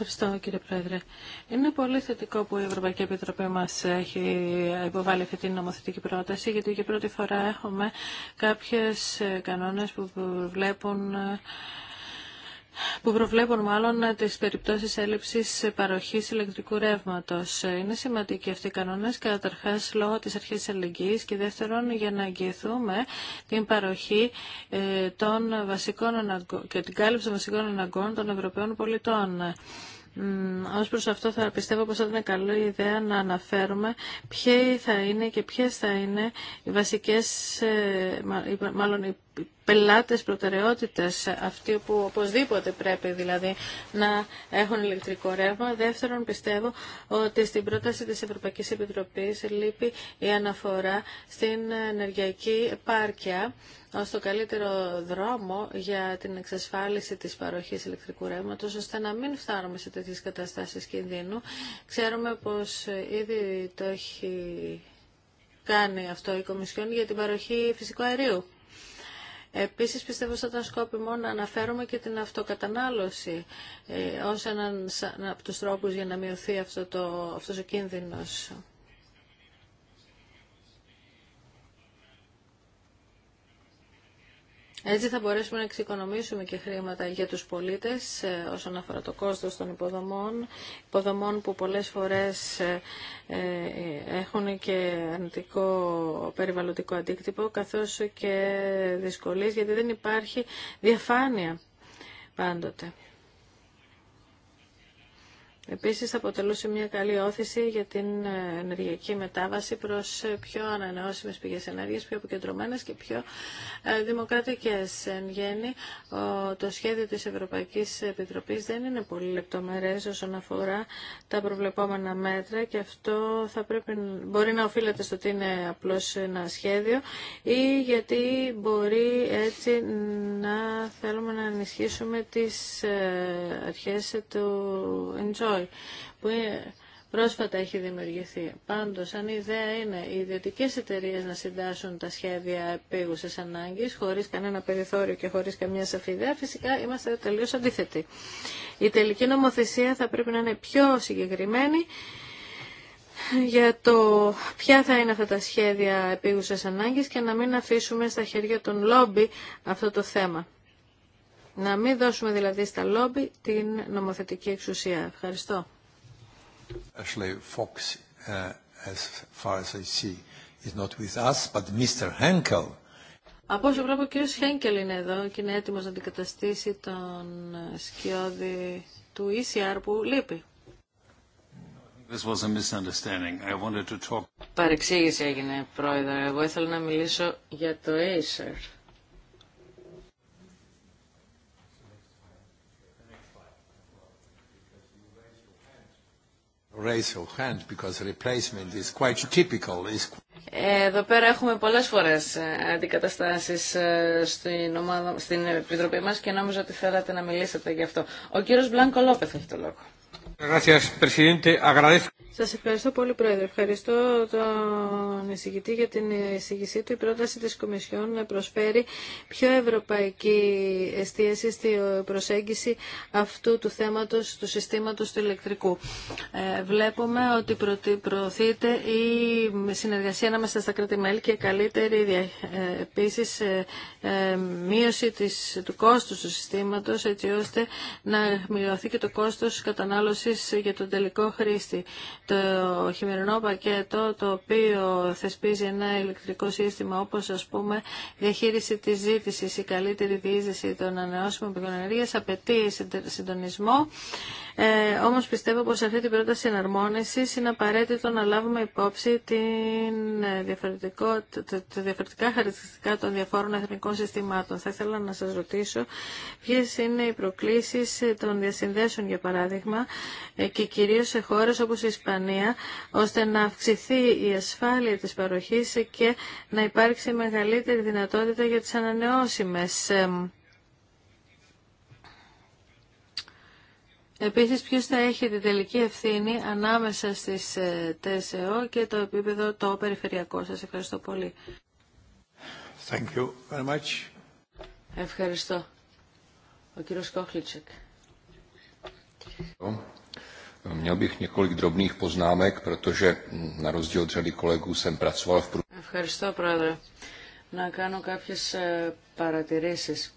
Ευχαριστώ κύριε Πρόεδρε. Είναι πολύ θετικό που η Ευρωπαϊκή Επιτροπή μα έχει υποβάλει αυτή την νομοθετική πρόταση γιατί για πρώτη φορά έχουμε κάποιες κανόνες που βλέπουν που προβλέπουν μάλλον τις περιπτώσεις έλλειψης παροχής ηλεκτρικού ρεύματος. Είναι σημαντικοί αυτοί οι κανόνες, καταρχάς λόγω της αρχής της και δεύτερον για να εγγυηθούμε την παροχή ε, των βασικών και την κάλυψη των βασικών αναγκών των Ευρωπαίων πολιτών. Ω προ αυτό θα πιστεύω πως θα ήταν καλή ιδέα να αναφέρουμε ποιοι θα είναι και ποιε θα είναι οι βασικές, ε, μάλλον οι πελάτες προτεραιότητες αυτοί που οπωσδήποτε πρέπει δηλαδή να έχουν ηλεκτρικό ρεύμα. Δεύτερον πιστεύω ότι στην πρόταση τη Ευρωπαϊκή Επιτροπή λείπει η αναφορά στην ενεργειακή επάρκεια ως το καλύτερο δρόμο για την εξασφάλιση της παροχής ηλεκτρικού ρεύματος, ώστε να μην φτάνουμε σε τέτοιες καταστάσεις κινδύνου. Ξέρουμε πως ήδη το έχει κάνει αυτό η Κομισιόν για την παροχή φυσικού αερίου. Επίσης πιστεύω ότι ήταν σκόπιμο να αναφέρουμε και την αυτοκατανάλωση ε, ως έναν από τους τρόπους για να μειωθεί αυτό το, αυτός ο κίνδυνος. Έτσι θα μπορέσουμε να εξοικονομήσουμε και χρήματα για τους πολίτες ε, όσον αφορά το κόστος των υποδομών, υποδομών που πολλές φορές ε, ε, έχουν και αρνητικό περιβαλλοντικό αντίκτυπο, καθώς και δυσκολίες γιατί δεν υπάρχει διαφάνεια πάντοτε. Επίσης, αποτελούσε μια καλή όθηση για την ε, ενεργειακή μετάβαση προς ε, πιο ανανεώσιμες πηγές ενέργειας, πιο αποκεντρωμένες και πιο ε, δημοκρατικές. Εν γέννη, το σχέδιο της Ευρωπαϊκής Επιτροπής δεν είναι πολύ λεπτομερές όσον αφορά τα προβλεπόμενα μέτρα και αυτό θα πρέπει, μπορεί να οφείλεται στο ότι είναι απλώς ένα σχέδιο ή γιατί μπορεί έτσι να θέλουμε να ενισχύσουμε τις αρχές του enjoy που ε, πρόσφατα έχει δημιουργηθεί. Πάντως, αν η ιδέα είναι οι ιδιωτικέ εταιρείε να συντάσσουν τα σχέδια επίγουσες ανάγκη χωρίς κανένα περιθώριο και χωρίς καμιά σαφή ιδέα, φυσικά είμαστε τελείω αντίθετοι. Η τελική νομοθεσία θα πρέπει να είναι πιο συγκεκριμένη για το ποια θα είναι αυτά τα σχέδια επίγουσες ανάγκης και να μην αφήσουμε στα χέρια των λόμπι αυτό το θέμα. Να μην δώσουμε δηλαδή στα λόμπι την νομοθετική εξουσία. Ευχαριστώ. Fox, Από όσο βλέπω, ο κ. Χένκελ είναι εδώ και είναι έτοιμος να αντικαταστήσει τον ε, σκιώδη του ECR που λείπει. This was a misunderstanding. I wanted to talk... Παρεξήγηση έγινε, πρόεδρε. Εγώ ήθελα να μιλήσω για το Acer. raise your hand because replacement is quite typical. Εδώ πέρα έχουμε πολλές φορές ε, αντικαταστάσεις ε, στην, ομάδα, στην Επιτροπή μας και νόμιζα ότι θέλατε να μιλήσετε γι' αυτό. Ο κύριος Μπλάνκο Λόπεθ έχει το λόγο. Σα ευχαριστώ πολύ, Πρόεδρε. Ευχαριστώ τον εισηγητή για την εισηγησή του. Η πρόταση τη Κομισιόν προσφέρει πιο ευρωπαϊκή εστίαση στη προσέγγιση αυτού του θέματο, του συστήματο του ηλεκτρικού. Ε, βλέπουμε ότι προωθείται η συνεργασία ανάμεσα στα κράτη-μέλη και καλύτερη ε, επίση ε, μείωση της, του κόστου του συστήματο, έτσι ώστε να μειωθεί και το κόστο κατανάλωση για τον τελικό χρήστη. Το χειμερινό πακέτο το οποίο θεσπίζει ένα ηλεκτρικό σύστημα όπως ας πούμε διαχείριση της ζήτησης, η καλύτερη διείσδυση των ανανεώσιμων πηγών ενέργειας απαιτεί συντονισμό ε, όμως πιστεύω πως αυτή την πρόταση εναρμόνισης είναι απαραίτητο να λάβουμε υπόψη την ε, διαφορετικό, τα διαφορετικά χαρακτηριστικά των διαφόρων εθνικών συστημάτων. Θα ήθελα να σας ρωτήσω ποιες είναι οι προκλήσεις ε, των διασυνδέσεων για παράδειγμα ε, και κυρίως σε χώρες όπως η Ισπανία ώστε να αυξηθεί η ασφάλεια της παροχής και να υπάρξει μεγαλύτερη δυνατότητα για τις ανανεώσιμες Επίσης, ποιος θα έχει την τελική ευθύνη ανάμεσα στις ε, ΤΕΣΕΟ και το επίπεδο το περιφερειακό. Σας ευχαριστώ πολύ. Thank you very much. Ευχαριστώ. Ο κύριος Κόχλιτσεκ. Ευχαριστώ, Πρόεδρε. Να κάνω κάποιες ε, παρατηρήσεις.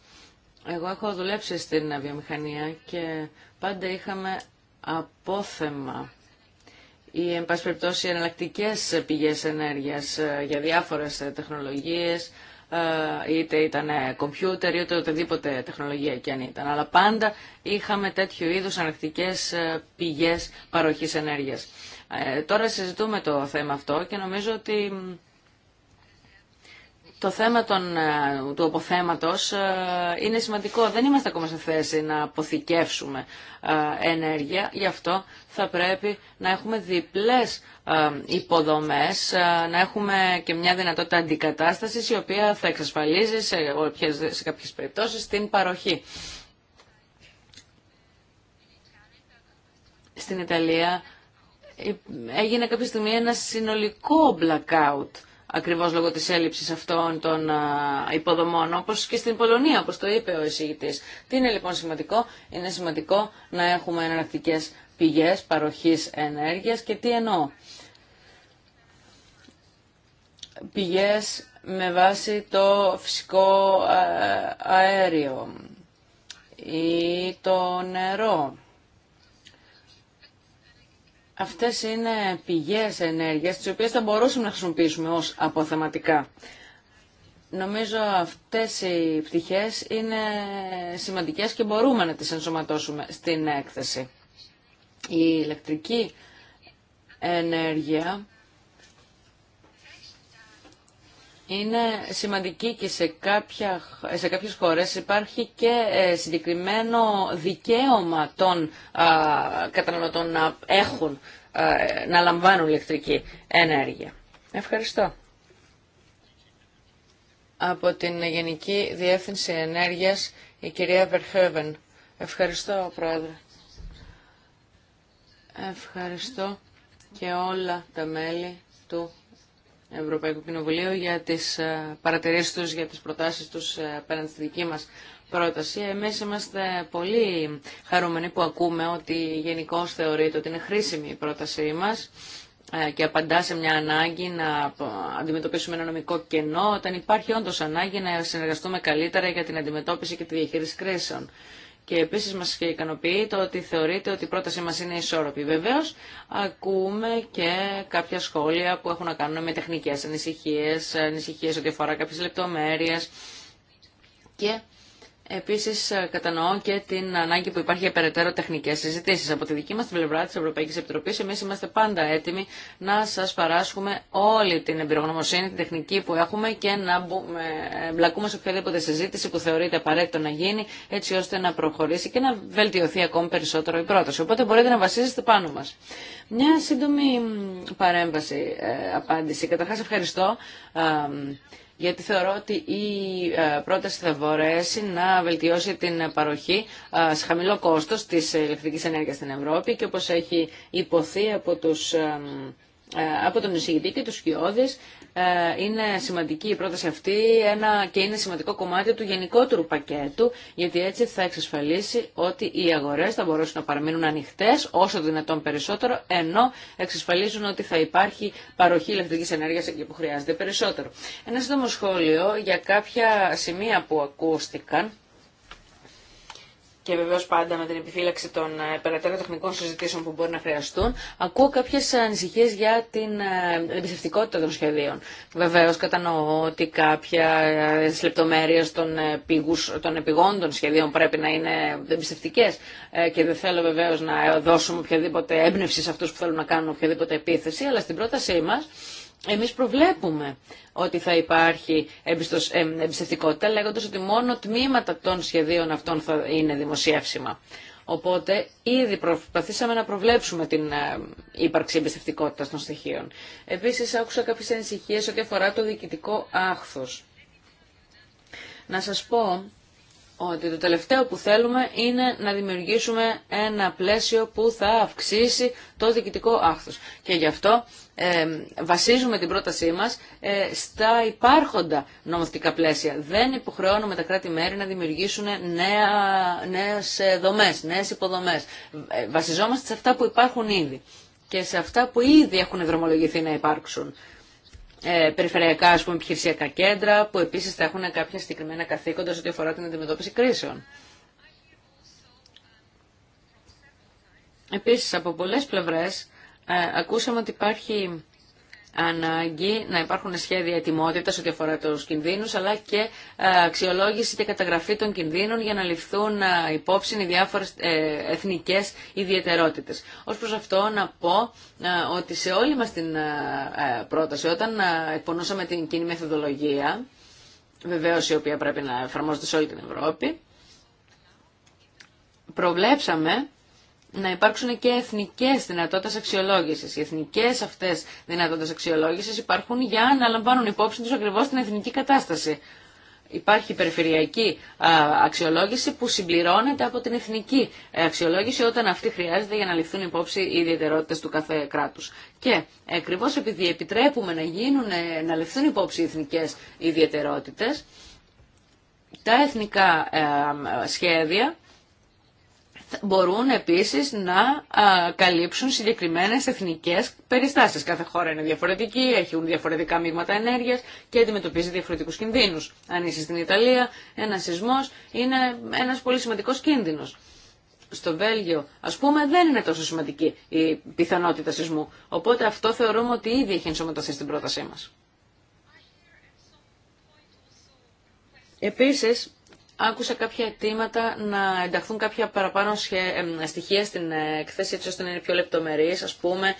Εγώ έχω δουλέψει στην βιομηχανία και πάντα είχαμε απόθεμα ή εν πάση περιπτώσει εναλλακτικέ πηγέ ενέργειας ε, για διάφορες ε, τεχνολογίες, ε, είτε ήταν κομπιούτερ, είτε οτιδήποτε τεχνολογία και αν ήταν. Αλλά πάντα είχαμε τέτοιου είδους ανακτικές πηγές παροχής ενέργειας. Τώρα συζητούμε το θέμα αυτό και νομίζω ότι το θέμα των, ε, του αποθέματος ε, είναι σημαντικό. Δεν είμαστε ακόμα σε θέση να αποθηκεύσουμε ε, ενέργεια, γι' αυτό θα πρέπει να έχουμε διπλές υποδομές, να έχουμε και μια δυνατότητα αντικατάστασης η οποία θα εξασφαλίζει σε, σε κάποιες περιπτώσεις την παροχή. Στην Ιταλία έγινε κάποια στιγμή ένα συνολικό blackout ακριβώς λόγω της έλλειψης αυτών των υποδομών, όπως και στην Πολωνία, όπως το είπε ο εισηγητής. Τι είναι λοιπόν σημαντικό, είναι σημαντικό να έχουμε εναλλακτικέ πηγές παροχής ενέργειας και τι εννοώ. Πηγές με βάση το φυσικό αέριο ή το νερό Αυτές είναι πηγές ενέργειας, τις οποίες θα μπορούσαμε να χρησιμοποιήσουμε ως αποθεματικά. Νομίζω αυτές οι πτυχές είναι σημαντικές και μπορούμε να τις ενσωματώσουμε στην έκθεση. Η ηλεκτρική ενέργεια είναι σημαντική και σε, κάποια, σε κάποιες χώρες υπάρχει και ε, συγκεκριμένο δικαίωμα των καταναλωτών να έχουν, να λαμβάνουν ηλεκτρική ενέργεια. Ευχαριστώ. Από την Γενική Διεύθυνση Ενέργειας, η κυρία Βερχέβεν. Ευχαριστώ, Πρόεδρε. Ευχαριστώ και όλα τα μέλη του Ευρωπαϊκού Κοινοβουλίου για τις ε, παρατηρήσεις τους, για τις προτάσεις τους ε, απέναντι στη δική μας πρόταση. Εμείς είμαστε πολύ χαρούμενοι που ακούμε ότι γενικώ θεωρείται ότι είναι χρήσιμη η πρότασή μας ε, και απαντά σε μια ανάγκη να αντιμετωπίσουμε ένα νομικό κενό όταν υπάρχει όντως ανάγκη να συνεργαστούμε καλύτερα για την αντιμετώπιση και τη διαχείριση κρίσεων. Και επίση μα ικανοποιεί το ότι θεωρείται ότι η πρότασή μα είναι ισόρροπη. βεβαίω, ακούμε και κάποια σχόλια που έχουν να κάνουν με τεχνικέ ανησυχίε, ανησυχίε ότι αφορά κάποιες λεπτομέρειες και Επίση, ε, κατανοώ και την ανάγκη που υπάρχει για περαιτέρω τεχνικέ συζητήσει Από τη δική μα την πλευρά τη Ευρωπαϊκή Επιτροπή, εμεί είμαστε πάντα έτοιμοι να σα παράσχουμε όλη την εμπειρογνωμοσύνη, την τεχνική που έχουμε και να μπλακούμε σε οποιαδήποτε συζήτηση που θεωρείται απαραίτητο να γίνει έτσι ώστε να προχωρήσει και να βελτιωθεί ακόμη περισσότερο η πρόταση. Οπότε μπορείτε να βασίζεστε πάνω μα. Μια σύντομη παρέμβαση, ε, απάντηση. Καταρχά, ευχαριστώ ε, γιατί θεωρώ ότι η ε, πρόταση θα μπορέσει να βελτιώσει την παροχή ε, σε χαμηλό κόστος της ε, ηλεκτρικής ενέργειας στην Ευρώπη και όπως έχει υποθεί από τους ε, από τον εισηγητή και του Σκιώδη. Ε, είναι σημαντική η πρόταση αυτή ένα, και είναι σημαντικό κομμάτι του γενικότερου πακέτου γιατί έτσι θα εξασφαλίσει ότι οι αγορέ θα μπορέσουν να παραμείνουν ανοιχτές όσο δυνατόν περισσότερο ενώ εξασφαλίζουν ότι θα υπάρχει παροχή ηλεκτρική ενέργεια εκεί που χρειάζεται περισσότερο. Ένα σύντομο σχόλιο για κάποια σημεία που ακούστηκαν και βεβαίω πάντα με την επιφύλαξη των ε, περαιτέρω τεχνικών συζητήσεων που μπορεί να χρειαστούν, ακούω κάποιε ανησυχίε για την ε, εμπιστευτικότητα των σχεδίων. Βεβαίω κατανοώ ότι κάποια ε, λεπτομέρειε των, των επιγόντων των σχεδίων πρέπει να είναι εμπιστευτικέ και δεν θέλω βεβαίω να δώσουμε οποιαδήποτε έμπνευση σε αυτού που θέλουν να κάνουν οποιαδήποτε επίθεση, αλλά στην πρότασή μα εμείς προβλέπουμε ότι θα υπάρχει εμπιστευτικότητα λέγοντας ότι μόνο τμήματα των σχεδίων αυτών θα είναι δημοσιεύσιμα. Οπότε ήδη προσπαθήσαμε να προβλέψουμε την ε, ύπαρξη εμπιστευτικότητας των στοιχείων. Επίσης άκουσα κάποιες ανησυχίες ό,τι αφορά το διοικητικό άχθος. Να σας πω ότι το τελευταίο που θέλουμε είναι να δημιουργήσουμε ένα πλαίσιο που θα αυξήσει το διοικητικό άχθος. Και γι' αυτό βασίζουμε την πρότασή μας ε, στα υπάρχοντα νομοθετικά πλαίσια. Δεν υποχρεώνουμε τα κράτη-μέρη να δημιουργήσουν νέα, νέες ε, δομές, νέες υποδομές. Ε, βασιζόμαστε σε αυτά που υπάρχουν ήδη και σε αυτά που ήδη έχουν δρομολογηθεί να υπάρξουν. Ε, περιφερειακά ας πούμε, επιχειρησιακά κέντρα που επίσης θα έχουν κάποια συγκεκριμένα καθήκοντα ό,τι αφορά την αντιμετώπιση κρίσεων. Επίσης από πολλές πλευρές ε, ακούσαμε ότι υπάρχει ανάγκη να υπάρχουν σχέδια ετοιμότητας ό,τι αφορά του κινδύνου, αλλά και ε, αξιολόγηση και καταγραφή των κινδύνων για να ληφθούν ε, υπόψη οι διάφορες εθνικές ιδιαιτερότητες. Ως προς αυτό να πω ότι σε όλη μας την πρόταση, όταν εκπονούσαμε την κοινή μεθοδολογία, βεβαίω η οποία πρέπει να εφαρμόζεται σε όλη την Ευρώπη, προβλέψαμε να υπάρξουν και εθνικέ δυνατότητε αξιολόγηση. Οι εθνικέ αυτέ δυνατότητε αξιολόγηση υπάρχουν για να λαμβάνουν υπόψη του ακριβώ την εθνική κατάσταση. Υπάρχει περιφερειακή αξιολόγηση που συμπληρώνεται από την εθνική ε, αξιολόγηση όταν αυτή χρειάζεται για να ληφθούν υπόψη οι ιδιαιτερότητε του κάθε κράτου. Και ακριβώ επειδή επιτρέπουμε να, γίνουν, ε, να ληφθούν υπόψη οι εθνικέ ιδιαιτερότητε, τα εθνικά ε, σχέδια μπορούν επίσης να καλύψουν συγκεκριμένες εθνικές περιστάσεις. Κάθε χώρα είναι διαφορετική, έχουν διαφορετικά μείγματα ενέργειας και αντιμετωπίζει διαφορετικούς κινδύνους. Αν είσαι στην Ιταλία, ένας σεισμός είναι ένας πολύ σημαντικός κίνδυνος. Στο Βέλγιο, ας πούμε, δεν είναι τόσο σημαντική η πιθανότητα σεισμού. Οπότε αυτό θεωρούμε ότι ήδη έχει ενσωματωθεί στην πρότασή μας. Επίσης, Άκουσα κάποια αιτήματα να ενταχθούν κάποια παραπάνω στοιχεία στην ε, εκθέση έτσι ώστε να είναι πιο λεπτομερείς, ας πούμε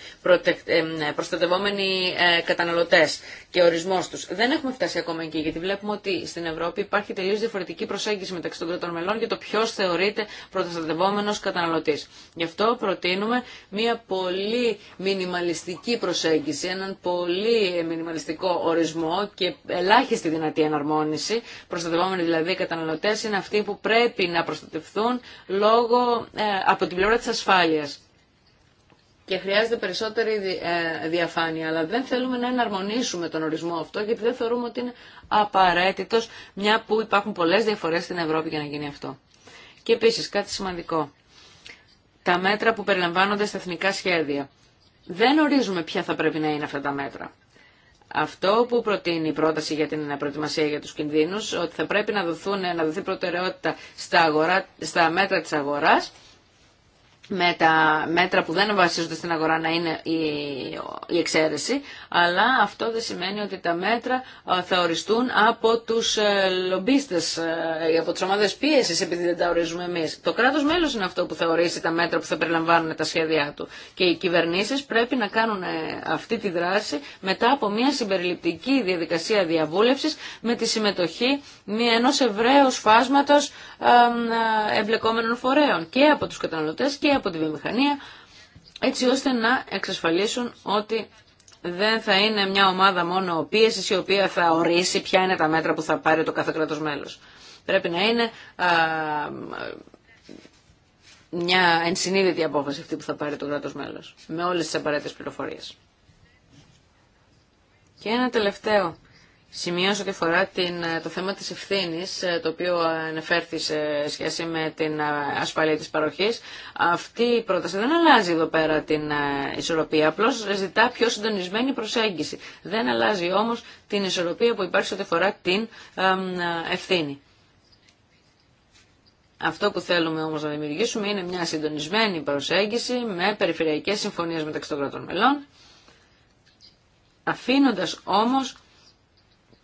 ε, προστατευόμενοι ε, καταναλωτές και ορισμός τους. Δεν έχουμε φτάσει ακόμα εκεί γιατί βλέπουμε ότι στην Ευρώπη υπάρχει τελείως διαφορετική προσέγγιση μεταξύ των κρατών μελών για το ποιο θεωρείται προστατευόμενος καταναλωτής. Γι' αυτό προτείνουμε μια πολύ μινιμαλιστική προσέγγιση, έναν πολύ μινιμαλιστικό ορισμό και ελάχιστη δυνατή εναρμόνιση, προστατευόμενοι δηλαδή καταναλωτέ είναι αυτοί που πρέπει να προστατευθούν λόγω, ε, από την πλευρά της ασφάλειας. Και χρειάζεται περισσότερη ε, διαφάνεια. Αλλά δεν θέλουμε να εναρμονίσουμε τον ορισμό αυτό, γιατί δεν θεωρούμε ότι είναι απαραίτητος, μια που υπάρχουν πολλές διαφορές στην Ευρώπη για να γίνει αυτό. Και επίση κάτι σημαντικό. Τα μέτρα που περιλαμβάνονται στα εθνικά σχέδια. Δεν ορίζουμε ποια θα πρέπει να είναι αυτά τα μέτρα. Αυτό που προτείνει η πρόταση για την προετοιμασία για τους κινδύνους, ότι θα πρέπει να, δοθούν, να δοθεί προτεραιότητα στα, αγορά, στα μέτρα της αγοράς, με τα μέτρα που δεν βασίζονται στην αγορά να είναι η, εξαίρεση, αλλά αυτό δεν σημαίνει ότι τα μέτρα ε, θα οριστούν από τους ε, λομπίστες, ε, από τις ομάδες πίεσης, επειδή δεν τα ορίζουμε εμείς. Το κράτος μέλος είναι αυτό που θα ορίσει τα μέτρα που θα περιλαμβάνουν τα σχέδιά του. Και οι κυβερνήσεις πρέπει να κάνουν αυτή τη δράση μετά από μια συμπεριληπτική διαδικασία διαβούλευσης με τη συμμετοχή ενός ευρέως φάσματος εμπλεκόμενων φορέων και από τους καταναλωτές και από τη βιομηχανία, έτσι ώστε να εξασφαλίσουν ότι δεν θα είναι μια ομάδα μόνο πίεση η οποία θα ορίσει ποια είναι τα μέτρα που θα πάρει το κάθε κράτο μέλο. Πρέπει να είναι α, μια ενσυνείδητη απόφαση αυτή που θα πάρει το κράτο μέλο με όλε τι απαραίτητε πληροφορίε. Και ένα τελευταίο σημείο ό,τι αφορά ε, το θέμα της ευθύνης, ε, το οποίο ανεφέρθη σε σχέση με την ε, ασφαλή της παροχής. Αυτή η πρόταση δεν αλλάζει εδώ πέρα την ισορροπία, απλώς ζητά πιο συντονισμένη προσέγγιση. Δεν αλλάζει όμως την ισορροπία που υπάρχει σε ό,τι αφορά την ευθύνη. Αυτό που θέλουμε όμως να δημιουργήσουμε είναι μια συντονισμένη προσέγγιση με περιφερειακές συμφωνίες μεταξύ των κρατών μελών, αφήνοντας όμως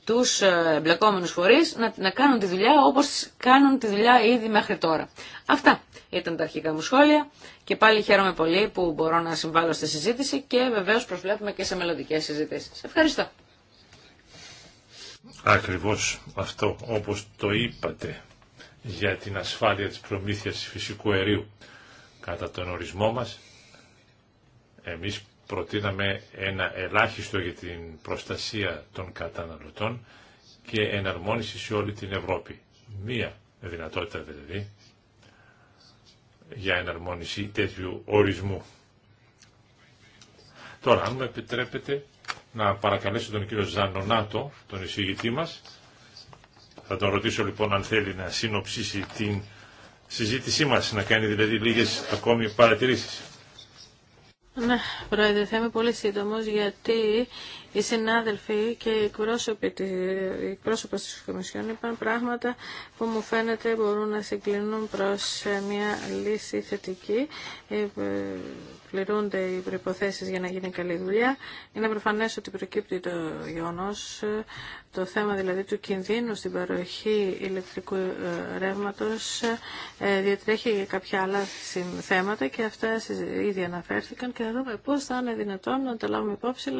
του ε, εμπλεκόμενου φορεί να, να κάνουν τη δουλειά όπως κάνουν τη δουλειά ήδη μέχρι τώρα. Αυτά ήταν τα αρχικά μου σχόλια και πάλι χαίρομαι πολύ που μπορώ να συμβάλλω στη συζήτηση και βεβαίως προσβλέπουμε και σε μελλοντικέ συζητήσεις. Ευχαριστώ. Ακριβώς αυτό όπως το είπατε για την ασφάλεια της προμήθειας φυσικού αερίου κατά τον ορισμό μα. εμείς προτείναμε ένα ελάχιστο για την προστασία των καταναλωτών και εναρμόνιση σε όλη την Ευρώπη. Μία δυνατότητα δηλαδή για εναρμόνιση τέτοιου ορισμού. Τώρα, αν μου επιτρέπετε να παρακαλέσω τον κύριο Ζανονάτο, τον εισηγητή μας, θα τον ρωτήσω λοιπόν αν θέλει να συνοψίσει την συζήτησή μας, να κάνει δηλαδή λίγες ακόμη παρατηρήσεις. Ναι, Πρόεδρε, θα είμαι πολύ σύντομο γιατί οι συνάδελφοι και οι εκπρόσωποι της Κομισιόν είπαν πράγματα που μου φαίνεται μπορούν να συγκλίνουν προς ε, μια λύση θετική. Ε, ε, πληρούνται οι προϋποθέσεις για να γίνει καλή δουλειά. Είναι προφανές ότι προκύπτει το γεγονό. το θέμα δηλαδή του κινδύνου στην παροχή ηλεκτρικού ρεύματο, διατρέχει για κάποια άλλα θέματα και αυτά ήδη αναφέρθηκαν και θα δούμε πώ θα είναι δυνατόν να τα λάβουμε υπόψη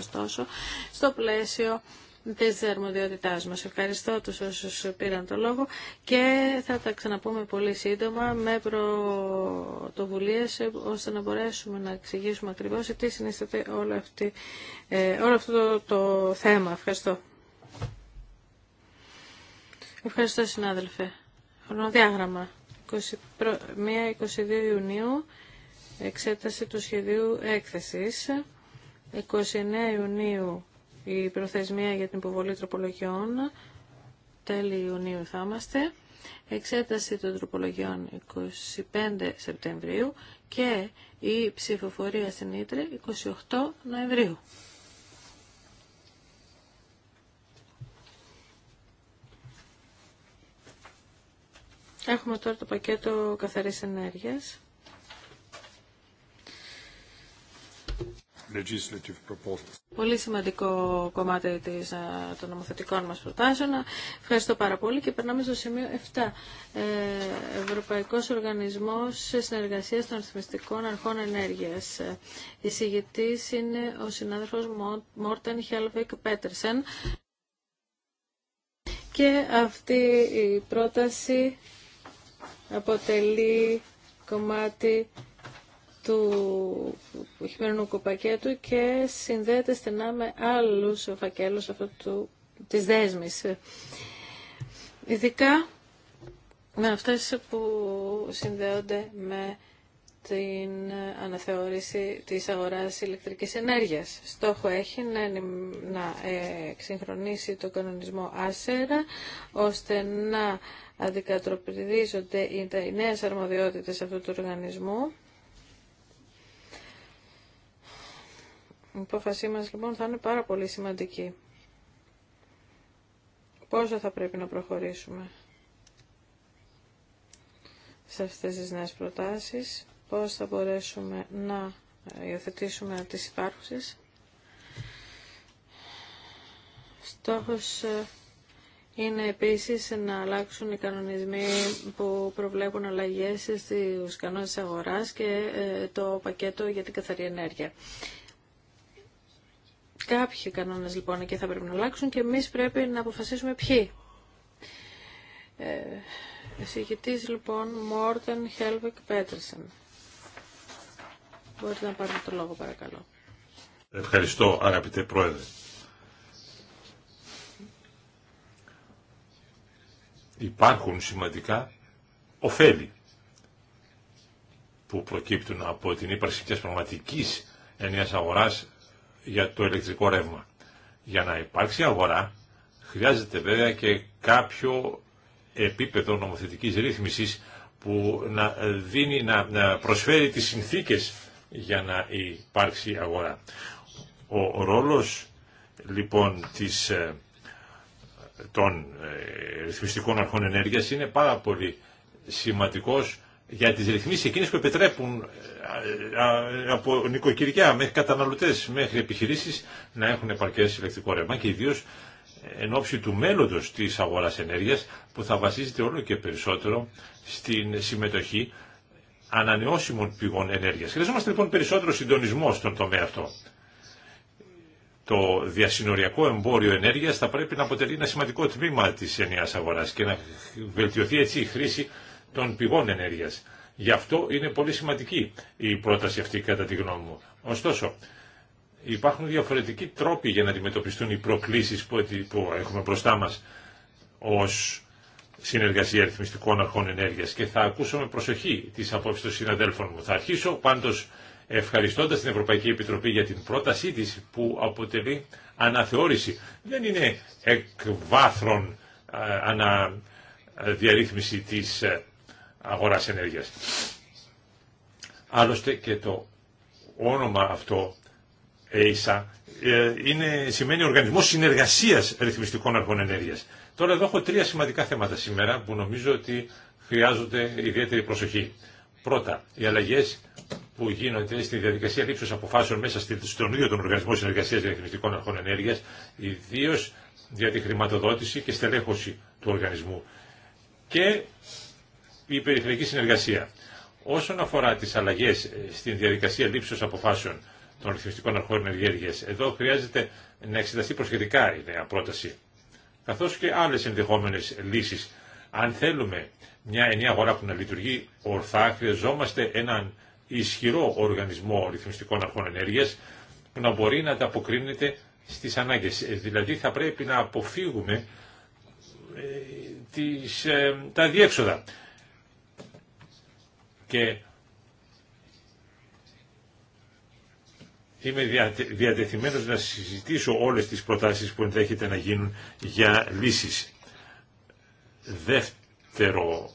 ωστόσο, στο πλαίσιο τη δερμοδιότητάς μα. Ευχαριστώ του όσου πήραν το λόγο και θα τα ξαναπούμε πολύ σύντομα με πρωτοβουλίε ώστε να μπορέσουμε να εξηγήσουμε ακριβώ τι συνίσταται ε, όλο, αυτή, αυτό το, το θέμα. Ευχαριστώ. Ευχαριστώ συνάδελφε. Χρονοδιάγραμμα. 1-22 Ιουνίου εξέταση του σχεδίου έκθεσης. 29 Ιουνίου η προθεσμία για την υποβολή τροπολογιών. Τέλη Ιουνίου θα είμαστε. Εξέταση των τροπολογιών 25 Σεπτεμβρίου και η ψηφοφορία στην Ήτρε 28 Νοεμβρίου. Έχουμε τώρα το πακέτο καθαρής ενέργειας. Πολύ σημαντικό κομμάτι της, των νομοθετικών μας προτάσεων. Ευχαριστώ πάρα πολύ και περνάμε στο σημείο 7. Ε, Ευρωπαϊκός Οργανισμός Συνεργασίας των Ρυθμιστικών Αρχών Ενέργειας. Ε, η συγητής είναι ο συνάδελφος Μόρτεν Χέλβικ Πέτερσεν. Και αυτή η πρόταση αποτελεί κομμάτι του χειμερινού κοπακέτου και συνδέεται στενά με άλλους φακέλους αυτού του, της δέσμης. Ειδικά με αυτές που συνδέονται με την αναθεώρηση της αγοράς ηλεκτρικής ενέργειας. Στόχο έχει να, να ε, εξυγχρονίσει το κανονισμό άσερα, ώστε να αντικατροπηδίζονται οι νέες αρμοδιότητες αυτού του οργανισμού Η υπόφασή μας λοιπόν θα είναι πάρα πολύ σημαντική. Πόσο θα πρέπει να προχωρήσουμε σε αυτές τις νέες προτάσεις, πώς θα μπορέσουμε να υιοθετήσουμε τις υπάρχουσες. Στόχος ε, είναι επίσης να αλλάξουν οι κανονισμοί που προβλέπουν αλλαγές στις κανόνες αγοράς και ε, το πακέτο για την καθαρή ενέργεια. Κάποιοι κανόνες λοιπόν εκεί θα πρέπει να αλλάξουν και εμεί πρέπει να αποφασίσουμε ποιοι. Ε, λοιπόν Μόρτεν Χέλβεκ Πέτρεσεν. Μπορείτε να πάρετε το λόγο παρακαλώ. Ευχαριστώ αγαπητέ Πρόεδρε. Υπάρχουν σημαντικά ωφέλη που προκύπτουν από την ύπαρξη μια πραγματικής ενιαία αγορά για το ηλεκτρικό ρεύμα. Για να υπάρξει αγορά χρειάζεται βέβαια και κάποιο επίπεδο νομοθετικής ρύθμισης που να, δίνει, να, προσφέρει τις συνθήκες για να υπάρξει αγορά. Ο ρόλος λοιπόν της, ε, των ε, ρυθμιστικών αρχών ενέργειας είναι πάρα πολύ σημαντικός για τις ρυθμίσεις εκείνες που επιτρέπουν ε, ε, από νοικοκυριά μέχρι καταναλωτές μέχρι επιχειρήσεις να έχουν επαρκές ηλεκτρικό ρεύμα και ιδίως ε, εν ώψη του μέλλοντος της αγοράς ενέργειας που θα βασίζεται όλο και περισσότερο στην συμμετοχή ανανεώσιμων πηγών ενέργειας. Χρειαζόμαστε λοιπόν περισσότερο συντονισμό στον τομέα αυτό. Το διασυνοριακό εμπόριο ενέργειας θα πρέπει να αποτελεί ένα σημαντικό τμήμα της ενιαίας αγοράς και να βελτιωθεί έτσι η χρήση των πηγών ενέργειας. Γι' αυτό είναι πολύ σημαντική η πρόταση αυτή κατά τη γνώμη μου. Ωστόσο, υπάρχουν διαφορετικοί τρόποι για να αντιμετωπιστούν οι προκλήσεις που έχουμε μπροστά μας ως συνεργασία ρυθμιστικών αρχών ενέργειας και θα ακούσω με προσοχή τις απόψεις των συναδέλφων μου. Θα αρχίσω πάντως ευχαριστώντας την Ευρωπαϊκή Επιτροπή για την πρότασή της που αποτελεί αναθεώρηση. Δεν είναι εκ βάθρων ε, αναδιαρρύθμιση της ε, αγοράς ενέργειας. Άλλωστε και το όνομα αυτό, ΕΙΣΑ, είναι, σημαίνει Οργανισμός Συνεργασίας Ρυθμιστικών Αρχών Ενέργειας. Τώρα εδώ έχω τρία σημαντικά θέματα σήμερα που νομίζω ότι χρειάζονται ιδιαίτερη προσοχή. Πρώτα, οι αλλαγέ που γίνονται στη διαδικασία λήψη αποφάσεων μέσα στον ίδιο τον Οργανισμό Συνεργασία ρυθμιστικων Αρχών Ενέργεια, ιδίω για τη χρηματοδότηση και στελέχωση του οργανισμού. Και η περιφερειακή συνεργασία. Όσον αφορά τι αλλαγέ ε, στην διαδικασία λήψης αποφάσεων των ρυθμιστικών αρχών ενεργέργεια, εδώ χρειάζεται να εξεταστεί προσχετικά η νέα πρόταση, Καθώ και άλλε ενδεχόμενε λύσει, Αν θέλουμε μια ενιαία αγορά που να λειτουργεί ορθά, χρειαζόμαστε έναν ισχυρό οργανισμό ρυθμιστικών αρχών ενέργεια που να μπορεί να ανταποκρίνεται στι ανάγκε. Ε, δηλαδή θα πρέπει να αποφύγουμε ε, τις, τα διέξοδα και είμαι διατεθειμένος να συζητήσω όλες τις προτάσεις που ενδέχεται να γίνουν για λύσεις. Δεύτερο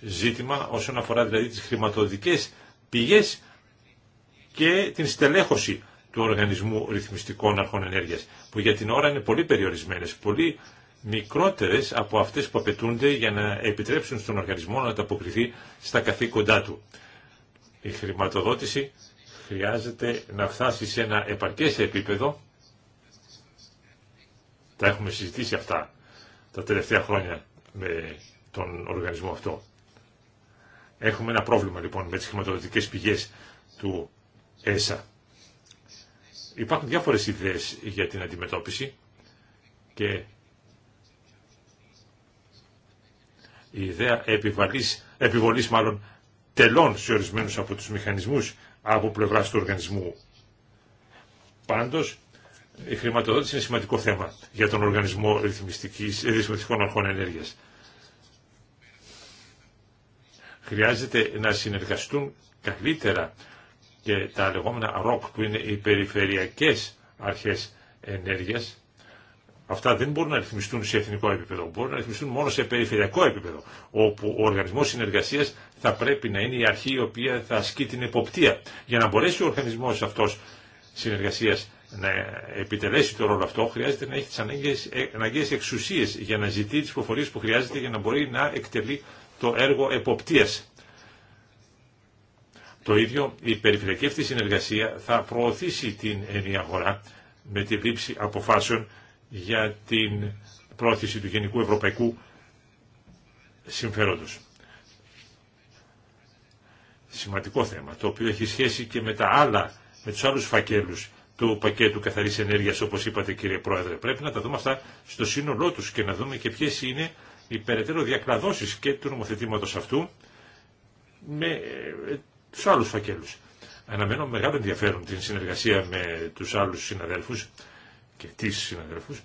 ζήτημα όσον αφορά δηλαδή τις χρηματοδικές πηγές και την στελέχωση του Οργανισμού Ρυθμιστικών Αρχών Ενέργειας, που για την ώρα είναι πολύ περιορισμένες, πολύ μικρότερες από αυτές που απαιτούνται για να επιτρέψουν στον οργανισμό να αποκριθεί στα καθήκοντά του. Η χρηματοδότηση χρειάζεται να φτάσει σε ένα επαρκές επίπεδο. Τα έχουμε συζητήσει αυτά τα τελευταία χρόνια με τον οργανισμό αυτό. Έχουμε ένα πρόβλημα λοιπόν με τις χρηματοδοτικές πηγές του ΕΣΑ. Υπάρχουν διάφορες ιδέες για την αντιμετώπιση και η ιδέα επιβολής, επιβολής μάλλον τελών σε ορισμένους από τους μηχανισμούς από πλευράς του οργανισμού. Πάντως, η χρηματοδότηση είναι σημαντικό θέμα για τον Οργανισμό ε, Ρυθμιστικών Αρχών Ενέργειας. Χρειάζεται να συνεργαστούν καλύτερα και τα λεγόμενα ROC που είναι οι περιφερειακές αρχές ενέργειας Αυτά δεν μπορούν να ρυθμιστούν σε εθνικό επίπεδο, μπορούν να ρυθμιστούν μόνο σε περιφερειακό επίπεδο, όπου ο οργανισμός συνεργασίας θα πρέπει να είναι η αρχή η οποία θα ασκεί την εποπτεία. Για να μπορέσει ο οργανισμός αυτός συνεργασίας να επιτελέσει το ρόλο αυτό, χρειάζεται να έχει τις ε, αναγκαίες εξουσίες για να ζητεί τι προφορίες που χρειάζεται για να μπορεί να εκτελεί το έργο εποπτείας. Το ίδιο η περιφερειακή αυτή συνεργασία θα προωθήσει την ενιαγορά με τη λήψη αποφάσεων για την πρόθεση του γενικού ευρωπαϊκού συμφέροντος. Σημαντικό θέμα, το οποίο έχει σχέση και με τα άλλα, με τους άλλους φακέλους του πακέτου καθαρής ενέργειας, όπως είπατε κύριε Πρόεδρε. Πρέπει να τα δούμε αυτά στο σύνολό τους και να δούμε και ποιες είναι οι περαιτέρω διακλαδώσεις και του νομοθετήματος αυτού με ε, τους άλλους φακέλους. Αναμένω μεγάλο ενδιαφέρον την συνεργασία με τους άλλους συναδέλφους και τις συναδελφούς,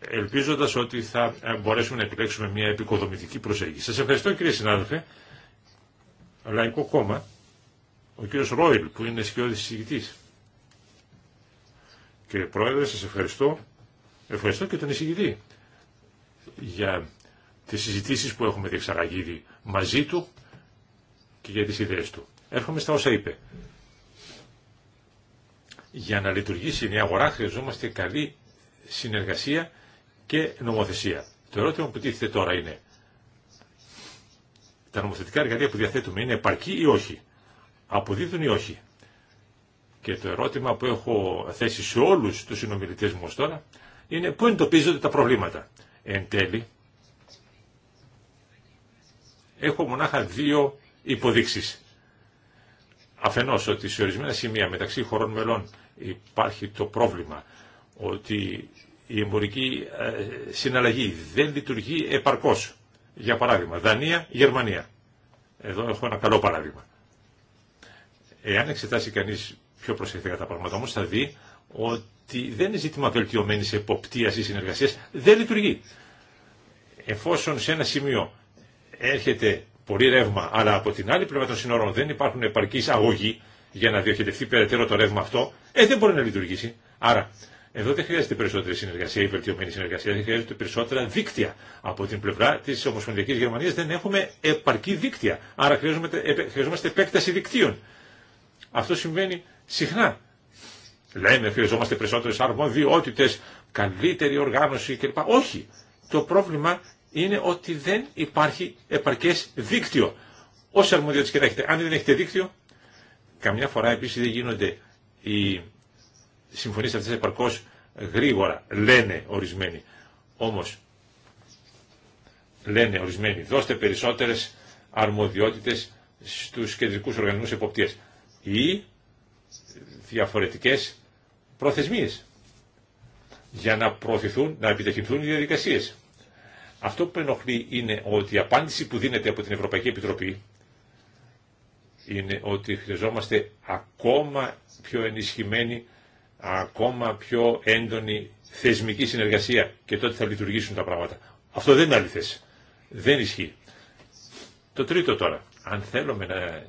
ελπίζοντας ότι θα ε, μπορέσουμε να επιλέξουμε μια επικοδομητική προσέγγιση. Σας ευχαριστώ κύριε συνάδελφε. Λαϊκό κόμμα, ο κύριος Ρόιλ που είναι σκιώδης εισηγητής. Κύριε Πρόεδρε, σας ευχαριστώ. Ευχαριστώ και τον εισηγητή για τις συζητήσεις που έχουμε διεξαραγεί μαζί του και για τις ιδέες του. Έρχομαι στα όσα είπε. Για να λειτουργήσει η νέα αγορά χρειαζόμαστε καλή συνεργασία και νομοθεσία. Το ερώτημα που τίθεται τώρα είναι τα νομοθετικά εργαλεία που διαθέτουμε είναι επαρκή ή όχι. Αποδίδουν ή όχι. Και το ερώτημα που έχω θέσει σε όλους τους συνομιλητές μου ως τώρα είναι πού εντοπίζονται τα προβλήματα. Εν τέλει, έχω μονάχα δύο υποδείξεις. Αφενός ότι σε ορισμένα σημεία μεταξύ χωρών μελών υπάρχει το πρόβλημα ότι η εμπορική ε, συναλλαγή δεν λειτουργεί επαρκώς. Για παράδειγμα, Δανία, Γερμανία. Εδώ έχω ένα καλό παράδειγμα. Εάν εξετάσει κανείς πιο προσεκτικά τα πράγματα όμως θα δει ότι δεν είναι ζήτημα βελτιωμένης εποπτείας ή συνεργασίας, δεν λειτουργεί. Εφόσον σε ένα σημείο έρχεται πολύ ρεύμα, αλλά από την άλλη πλευρά των σύνορων δεν υπάρχουν επαρκείς αγωγοί για να διοχετευτεί περαιτέρω το ρεύμα αυτό, ε, δεν μπορεί να λειτουργήσει. Άρα, εδώ δεν χρειάζεται περισσότερη συνεργασία ή βελτιωμένη συνεργασία, δεν χρειάζεται περισσότερα δίκτυα. Από την πλευρά τη Ομοσπονδιακή Γερμανία δεν έχουμε επαρκή δίκτυα. Άρα χρειαζόμαστε επέκταση δικτύων. Αυτό συμβαίνει συχνά. Λέμε χρειαζόμαστε περισσότερε αρμοδιότητε, καλύτερη οργάνωση κλπ. Όχι. Το πρόβλημα είναι ότι δεν υπάρχει επαρκέ δίκτυο. Όσε αρμοδιότητε και να έχετε. Αν δεν έχετε δίκτυο, καμιά φορά επίση δεν γίνονται οι συμφωνίες αυτές επαρκώς γρήγορα, λένε ορισμένοι. Όμως, λένε ορισμένοι, δώστε περισσότερες αρμοδιότητες στους κεντρικούς οργανισμούς εποπτείας ή διαφορετικές προθεσμίες για να προωθηθούν, να επιταχυνθούν οι διαδικασίες. Αυτό που ενοχλεί είναι ότι η απάντηση που δίνεται από την Ευρωπαϊκή Επιτροπή είναι ότι χρειαζόμαστε ακόμα πιο ενισχυμένη, ακόμα πιο έντονη θεσμική συνεργασία και τότε θα λειτουργήσουν τα πράγματα. Αυτό δεν είναι αληθές. Δεν ισχύει. Το τρίτο τώρα. Αν θέλουμε να,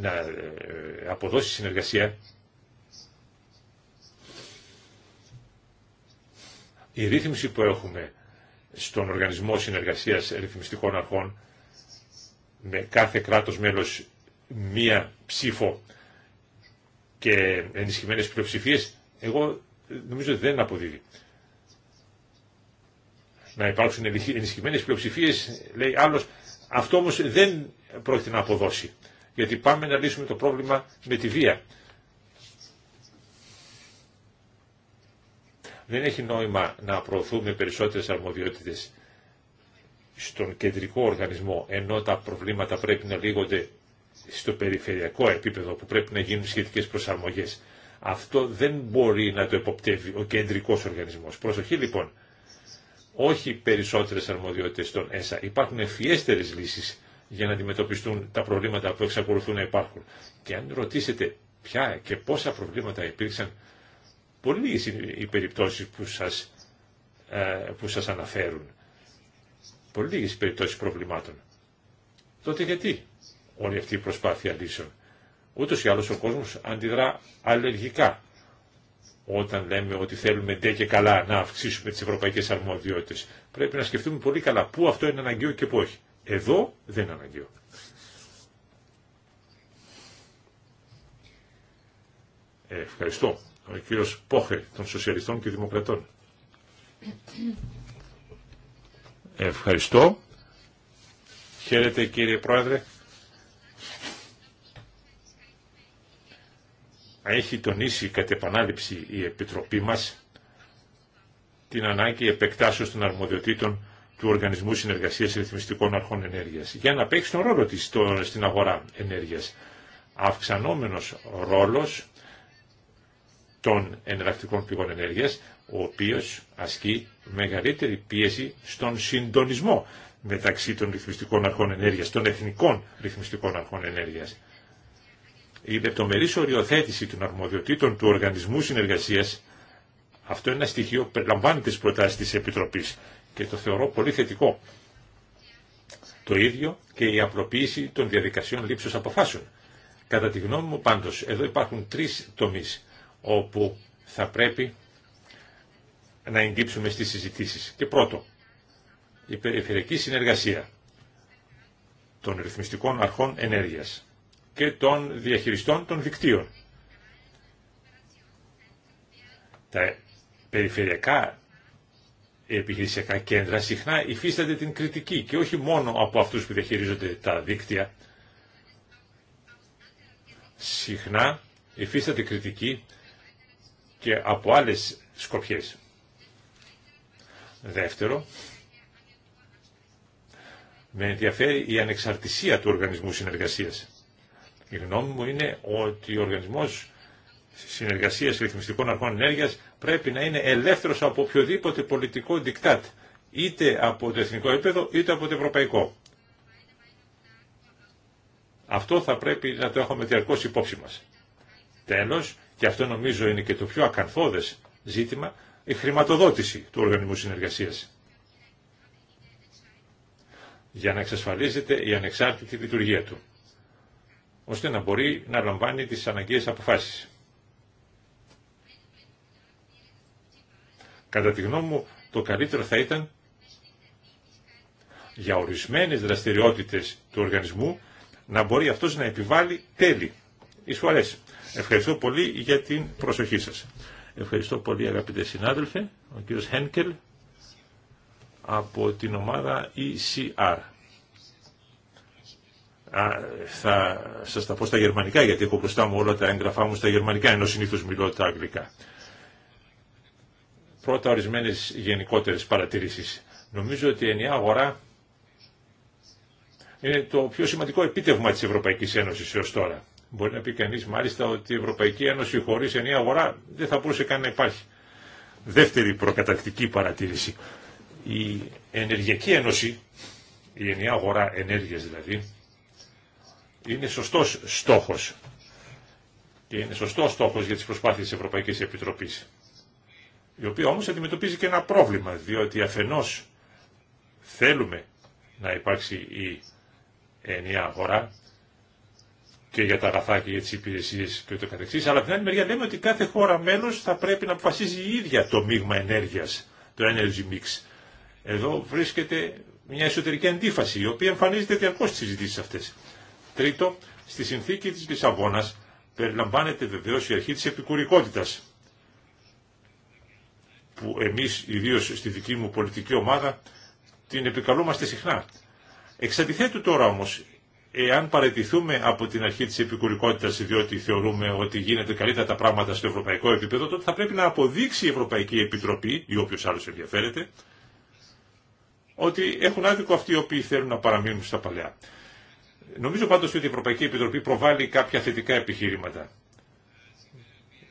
να ε, αποδώσει συνεργασία, η ρύθμιση που έχουμε στον Οργανισμό Συνεργασίας Ρυθμιστικών Αρχών με κάθε κράτος μέλος μία ψήφο και ενισχυμένες πλειοψηφίες, εγώ νομίζω δεν αποδίδει. Να υπάρξουν ενισχυμένες πλειοψηφίες, λέει άλλος, αυτό όμως δεν πρόκειται να αποδώσει. Γιατί πάμε να λύσουμε το πρόβλημα με τη βία. Δεν έχει νόημα να προωθούμε περισσότερες αρμοδιότητες στον κεντρικό οργανισμό, ενώ τα προβλήματα πρέπει να λύγονται στο περιφερειακό επίπεδο που πρέπει να γίνουν σχετικές προσαρμογές. Αυτό δεν μπορεί να το εποπτεύει ο κεντρικός οργανισμός. Προσοχή λοιπόν, όχι περισσότερες αρμοδιότητες των ΕΣΑ. Υπάρχουν ευφιέστερες λύσεις για να αντιμετωπιστούν τα προβλήματα που εξακολουθούν να υπάρχουν. Και αν ρωτήσετε ποια και πόσα προβλήματα υπήρξαν, πολλοί είναι οι περιπτώσεις που σας, ε, που σας αναφέρουν. Πολύ περιπτώσεις προβλημάτων. Τότε γιατί όλη αυτή η προσπάθεια λύσεων. Ούτως ή άλλως ο κόσμος αντιδρά αλλεργικά όταν λέμε ότι θέλουμε ντε και καλά να αυξήσουμε τις ευρωπαϊκές αρμοδιότητες. Πρέπει να σκεφτούμε πολύ καλά πού αυτό είναι αναγκαίο και πού όχι. Εδώ δεν είναι αναγκαίο. Ε, ευχαριστώ. Ο κύριος Πόχε των Σοσιαλιστών και Δημοκρατών. Ε, ευχαριστώ. Χαίρετε κύριε Πρόεδρε. έχει τονίσει κατ' επανάληψη η Επιτροπή μας την ανάγκη επεκτάσεως των αρμοδιοτήτων του Οργανισμού Συνεργασίας Ρυθμιστικών Αρχών Ενέργειας για να παίξει τον ρόλο της στην αγορά ενέργειας. Αυξανόμενος ρόλος των εναλλακτικών πηγών ενέργειας, ο οποίος ασκεί μεγαλύτερη πίεση στον συντονισμό μεταξύ των ρυθμιστικών αρχών ενέργειας, των εθνικών ρυθμιστικών αρχών ενέργειας. Η λεπτομερής οριοθέτηση των αρμοδιοτήτων του Οργανισμού Συνεργασίας, αυτό είναι ένα στοιχείο που περιλαμβάνει τι προτάσεις τη Επιτροπής και το θεωρώ πολύ θετικό. Το ίδιο και η απλοποίηση των διαδικασιών λήψη αποφάσεων. Κατά τη γνώμη μου πάντως, εδώ υπάρχουν τρεις τομείς όπου θα πρέπει να εγκύψουμε στις συζητήσεις. Και πρώτο, η περιφερειακή συνεργασία των ρυθμιστικών αρχών ενέργειας και των διαχειριστών των δικτύων. Τα περιφερειακά επιχειρησιακά κέντρα συχνά υφίστανται την κριτική και όχι μόνο από αυτούς που διαχειρίζονται τα δίκτυα. Συχνά υφίστανται κριτική και από άλλες σκοπιές. Δεύτερο, με ενδιαφέρει η ανεξαρτησία του οργανισμού συνεργασίας. Η γνώμη μου είναι ότι ο οργανισμός συνεργασίας ρυθμιστικών αρχών ενέργειας πρέπει να είναι ελεύθερος από οποιοδήποτε πολιτικό δικτάτ, είτε από το εθνικό επίπεδο είτε από το ευρωπαϊκό. Αυτό θα πρέπει να το έχουμε διαρκώς υπόψη μας. Τέλος, και αυτό νομίζω είναι και το πιο ακαθόδες ζήτημα, η χρηματοδότηση του Οργανισμού Συνεργασίας. Για να εξασφαλίζεται η ανεξάρτητη λειτουργία του ώστε να μπορεί να λαμβάνει τις αναγκαίες αποφάσεις. Κατά τη γνώμη μου, το καλύτερο θα ήταν για ορισμένες δραστηριότητες του οργανισμού να μπορεί αυτός να επιβάλλει τέλη. Ισουαρές. Ευχαριστώ πολύ για την προσοχή σας. Ευχαριστώ πολύ αγαπητέ συνάδελφε, ο κύριος Χένκελ από την ομάδα ECR θα σα τα πω στα γερμανικά γιατί έχω μπροστά μου όλα τα έγγραφά μου στα γερμανικά ενώ συνήθως μιλώ τα αγγλικά. Πρώτα ορισμένες γενικότερες παρατηρήσεις. Νομίζω ότι η ενιαία αγορά είναι το πιο σημαντικό επίτευγμα της Ευρωπαϊκής Ένωσης έως τώρα. Μπορεί να πει κανείς μάλιστα ότι η Ευρωπαϊκή Ένωση χωρίς ενιαία αγορά δεν θα μπορούσε καν να υπάρχει. Δεύτερη προκατακτική παρατήρηση. Η Ενεργειακή Ένωση, η ενιαία αγορά ενέργειας δηλαδή, είναι σωστός στόχος και είναι σωστός στόχος για τις προσπάθειες της Ευρωπαϊκής Επιτροπής η οποία όμως αντιμετωπίζει και ένα πρόβλημα διότι αφενός θέλουμε να υπάρξει η ενιαία αγορά και για τα αγαθά και για τις υπηρεσίες και το καθεξής, αλλά την άλλη μεριά λέμε ότι κάθε χώρα μέλος θα πρέπει να αποφασίζει η ίδια το μείγμα ενέργειας, το energy mix. Εδώ βρίσκεται μια εσωτερική αντίφαση, η οποία εμφανίζεται διαρκώς στις συζητήσεις αυτές. Τρίτο, στη συνθήκη της Λισαβόνας περιλαμβάνεται βεβαίως η αρχή της επικουρικότητας που εμείς ιδίως στη δική μου πολιτική ομάδα την επικαλούμαστε συχνά. Εξ τώρα όμως, εάν παραιτηθούμε από την αρχή της επικουρικότητας διότι θεωρούμε ότι γίνεται καλύτερα τα πράγματα στο ευρωπαϊκό επίπεδο, τότε θα πρέπει να αποδείξει η Ευρωπαϊκή Επιτροπή ή όποιο άλλο ενδιαφέρεται ότι έχουν άδικο αυτοί οι οποίοι θέλουν να παραμείνουν στα παλαιά. Νομίζω πάντω ότι η Ευρωπαϊκή Επιτροπή προβάλλει κάποια θετικά επιχείρηματα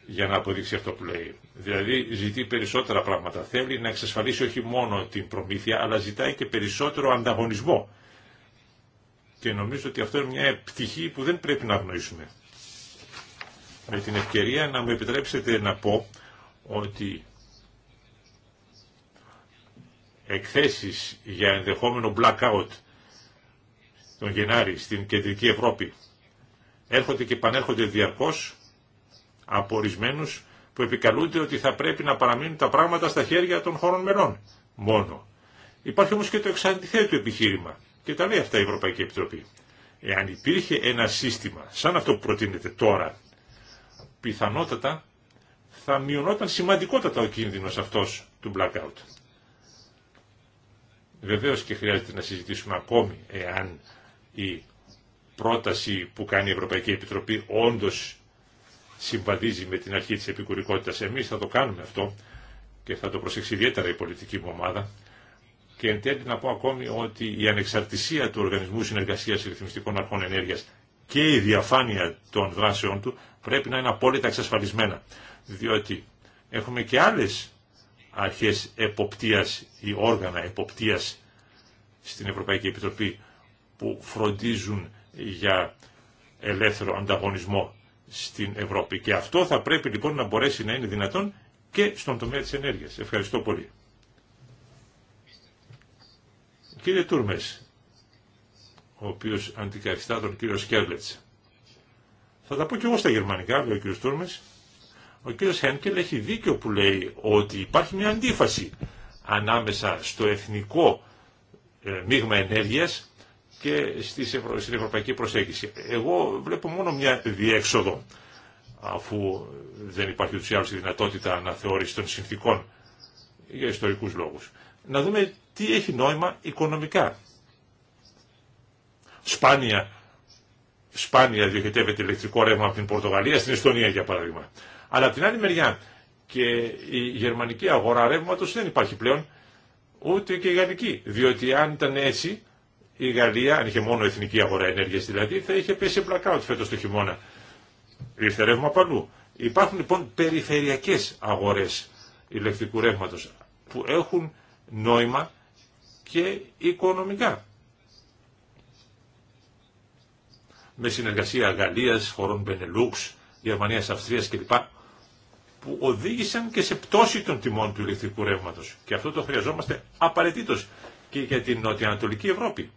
για να αποδείξει αυτό που λέει. Δηλαδή ζητεί περισσότερα πράγματα. Θέλει να εξασφαλίσει όχι μόνο την προμήθεια, αλλά ζητάει και περισσότερο ανταγωνισμό. Και νομίζω ότι αυτό είναι μια πτυχή που δεν πρέπει να αγνοήσουμε. Με την ευκαιρία να μου επιτρέψετε να πω ότι εκθέσεις για ενδεχόμενο blackout τον Γενάρη στην κεντρική Ευρώπη έρχονται και πανέρχονται διαρκώς από ορισμένου που επικαλούνται ότι θα πρέπει να παραμείνουν τα πράγματα στα χέρια των χωρών μελών μόνο. Υπάρχει όμως και το εξαντιθέτου επιχείρημα και τα λέει αυτά η Ευρωπαϊκή Επιτροπή. Εάν υπήρχε ένα σύστημα σαν αυτό που προτείνεται τώρα, πιθανότατα θα μειωνόταν σημαντικότατα ο κίνδυνος αυτός του blackout. Βεβαίως και χρειάζεται να συζητήσουμε ακόμη εάν η πρόταση που κάνει η Ευρωπαϊκή Επιτροπή όντως συμβαδίζει με την αρχή της επικουρικότητας. Εμείς θα το κάνουμε αυτό και θα το προσέξει ιδιαίτερα η πολιτική μου ομάδα. Και εν τέλει να πω ακόμη ότι η ανεξαρτησία του Οργανισμού Συνεργασίας Ρυθμιστικών Αρχών Ενέργειας και η διαφάνεια των δράσεών του πρέπει να είναι απόλυτα εξασφαλισμένα. Διότι έχουμε και άλλες αρχές εποπτείας ή όργανα εποπτείας στην Ευρωπαϊκή Επιτροπή που φροντίζουν για ελεύθερο ανταγωνισμό στην Ευρώπη. Και αυτό θα πρέπει λοιπόν να μπορέσει να είναι δυνατόν και στον τομέα της ενέργειας. Ευχαριστώ πολύ. Κύριε Τούρμες, ο οποίος αντικαριστά τον κύριο Σκέρλετς. Θα τα πω και εγώ στα γερμανικά, λέει ο κύριος Τούρμες. Ο κύριος Χένκελ έχει δίκιο που λέει ότι υπάρχει μια αντίφαση ανάμεσα στο εθνικό ε, μείγμα ενέργειας και στην ευρωπαϊκή προσέγγιση. Εγώ βλέπω μόνο μια διέξοδο, αφού δεν υπάρχει ούτως ή άλλως η δυνατότητα αναθεώρηση των συνθήκων για ιστορικούς λόγους. Να δούμε τι έχει νόημα οικονομικά. Σπάνια, σπάνια διοχετεύεται ηλεκτρικό ρεύμα από την Πορτογαλία στην Εστονία για παράδειγμα. Αλλά από την άλλη μεριά και η γερμανική αγορά ρεύματος δεν υπάρχει πλέον ούτε και η γαλλική. Διότι αν ήταν έτσι η Γαλλία, αν είχε μόνο εθνική αγορά ενέργεια δηλαδή, θα είχε πέσει blackout φέτο το χειμώνα. Ήρθε ρεύμα παλού. Υπάρχουν λοιπόν περιφερειακές αγορές ηλεκτρικού ρεύματος που έχουν νόημα και οικονομικά. Με συνεργασία Γαλλίας, χωρών Μπενελούξ, Γερμανίας, Αυστρίας κλπ που οδήγησαν και σε πτώση των τιμών του ηλεκτρικού ρεύματος. Και αυτό το χρειαζόμαστε απαραίτητο και για την νοτιοανατολική Ευρώπη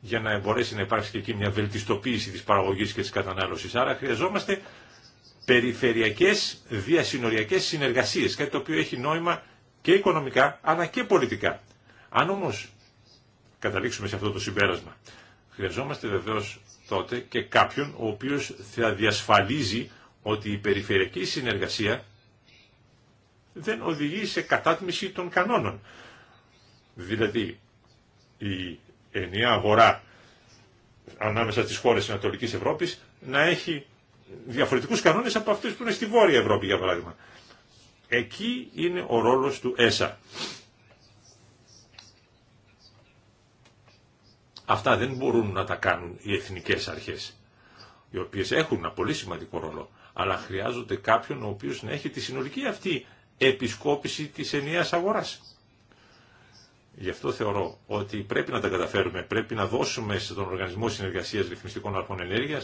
για να μπορέσει να υπάρξει και εκεί μια βελτιστοποίηση της παραγωγής και της κατανάλωσης. Άρα χρειαζόμαστε περιφερειακές διασυνοριακές συνεργασίες, κάτι το οποίο έχει νόημα και οικονομικά αλλά και πολιτικά. Αν όμως καταλήξουμε σε αυτό το συμπέρασμα, χρειαζόμαστε βεβαίως τότε και κάποιον ο οποίος θα διασφαλίζει ότι η περιφερειακή συνεργασία δεν οδηγεί σε κατάτμιση των κανόνων. Δηλαδή, η ενιαία αγορά ανάμεσα στις χώρες της Ανατολικής Ευρώπης να έχει διαφορετικούς κανόνες από αυτούς που είναι στη Βόρεια Ευρώπη για παράδειγμα. Εκεί είναι ο ρόλος του ΕΣΑ. Αυτά δεν μπορούν να τα κάνουν οι εθνικές αρχές, οι οποίες έχουν ένα πολύ σημαντικό ρόλο, αλλά χρειάζονται κάποιον ο οποίος να έχει τη συνολική αυτή επισκόπηση της ενιαίας αγοράς. Γι' αυτό θεωρώ ότι πρέπει να τα καταφέρουμε, πρέπει να δώσουμε στον Οργανισμό συνεργασία Ρυθμιστικών Αρχών ενέργεια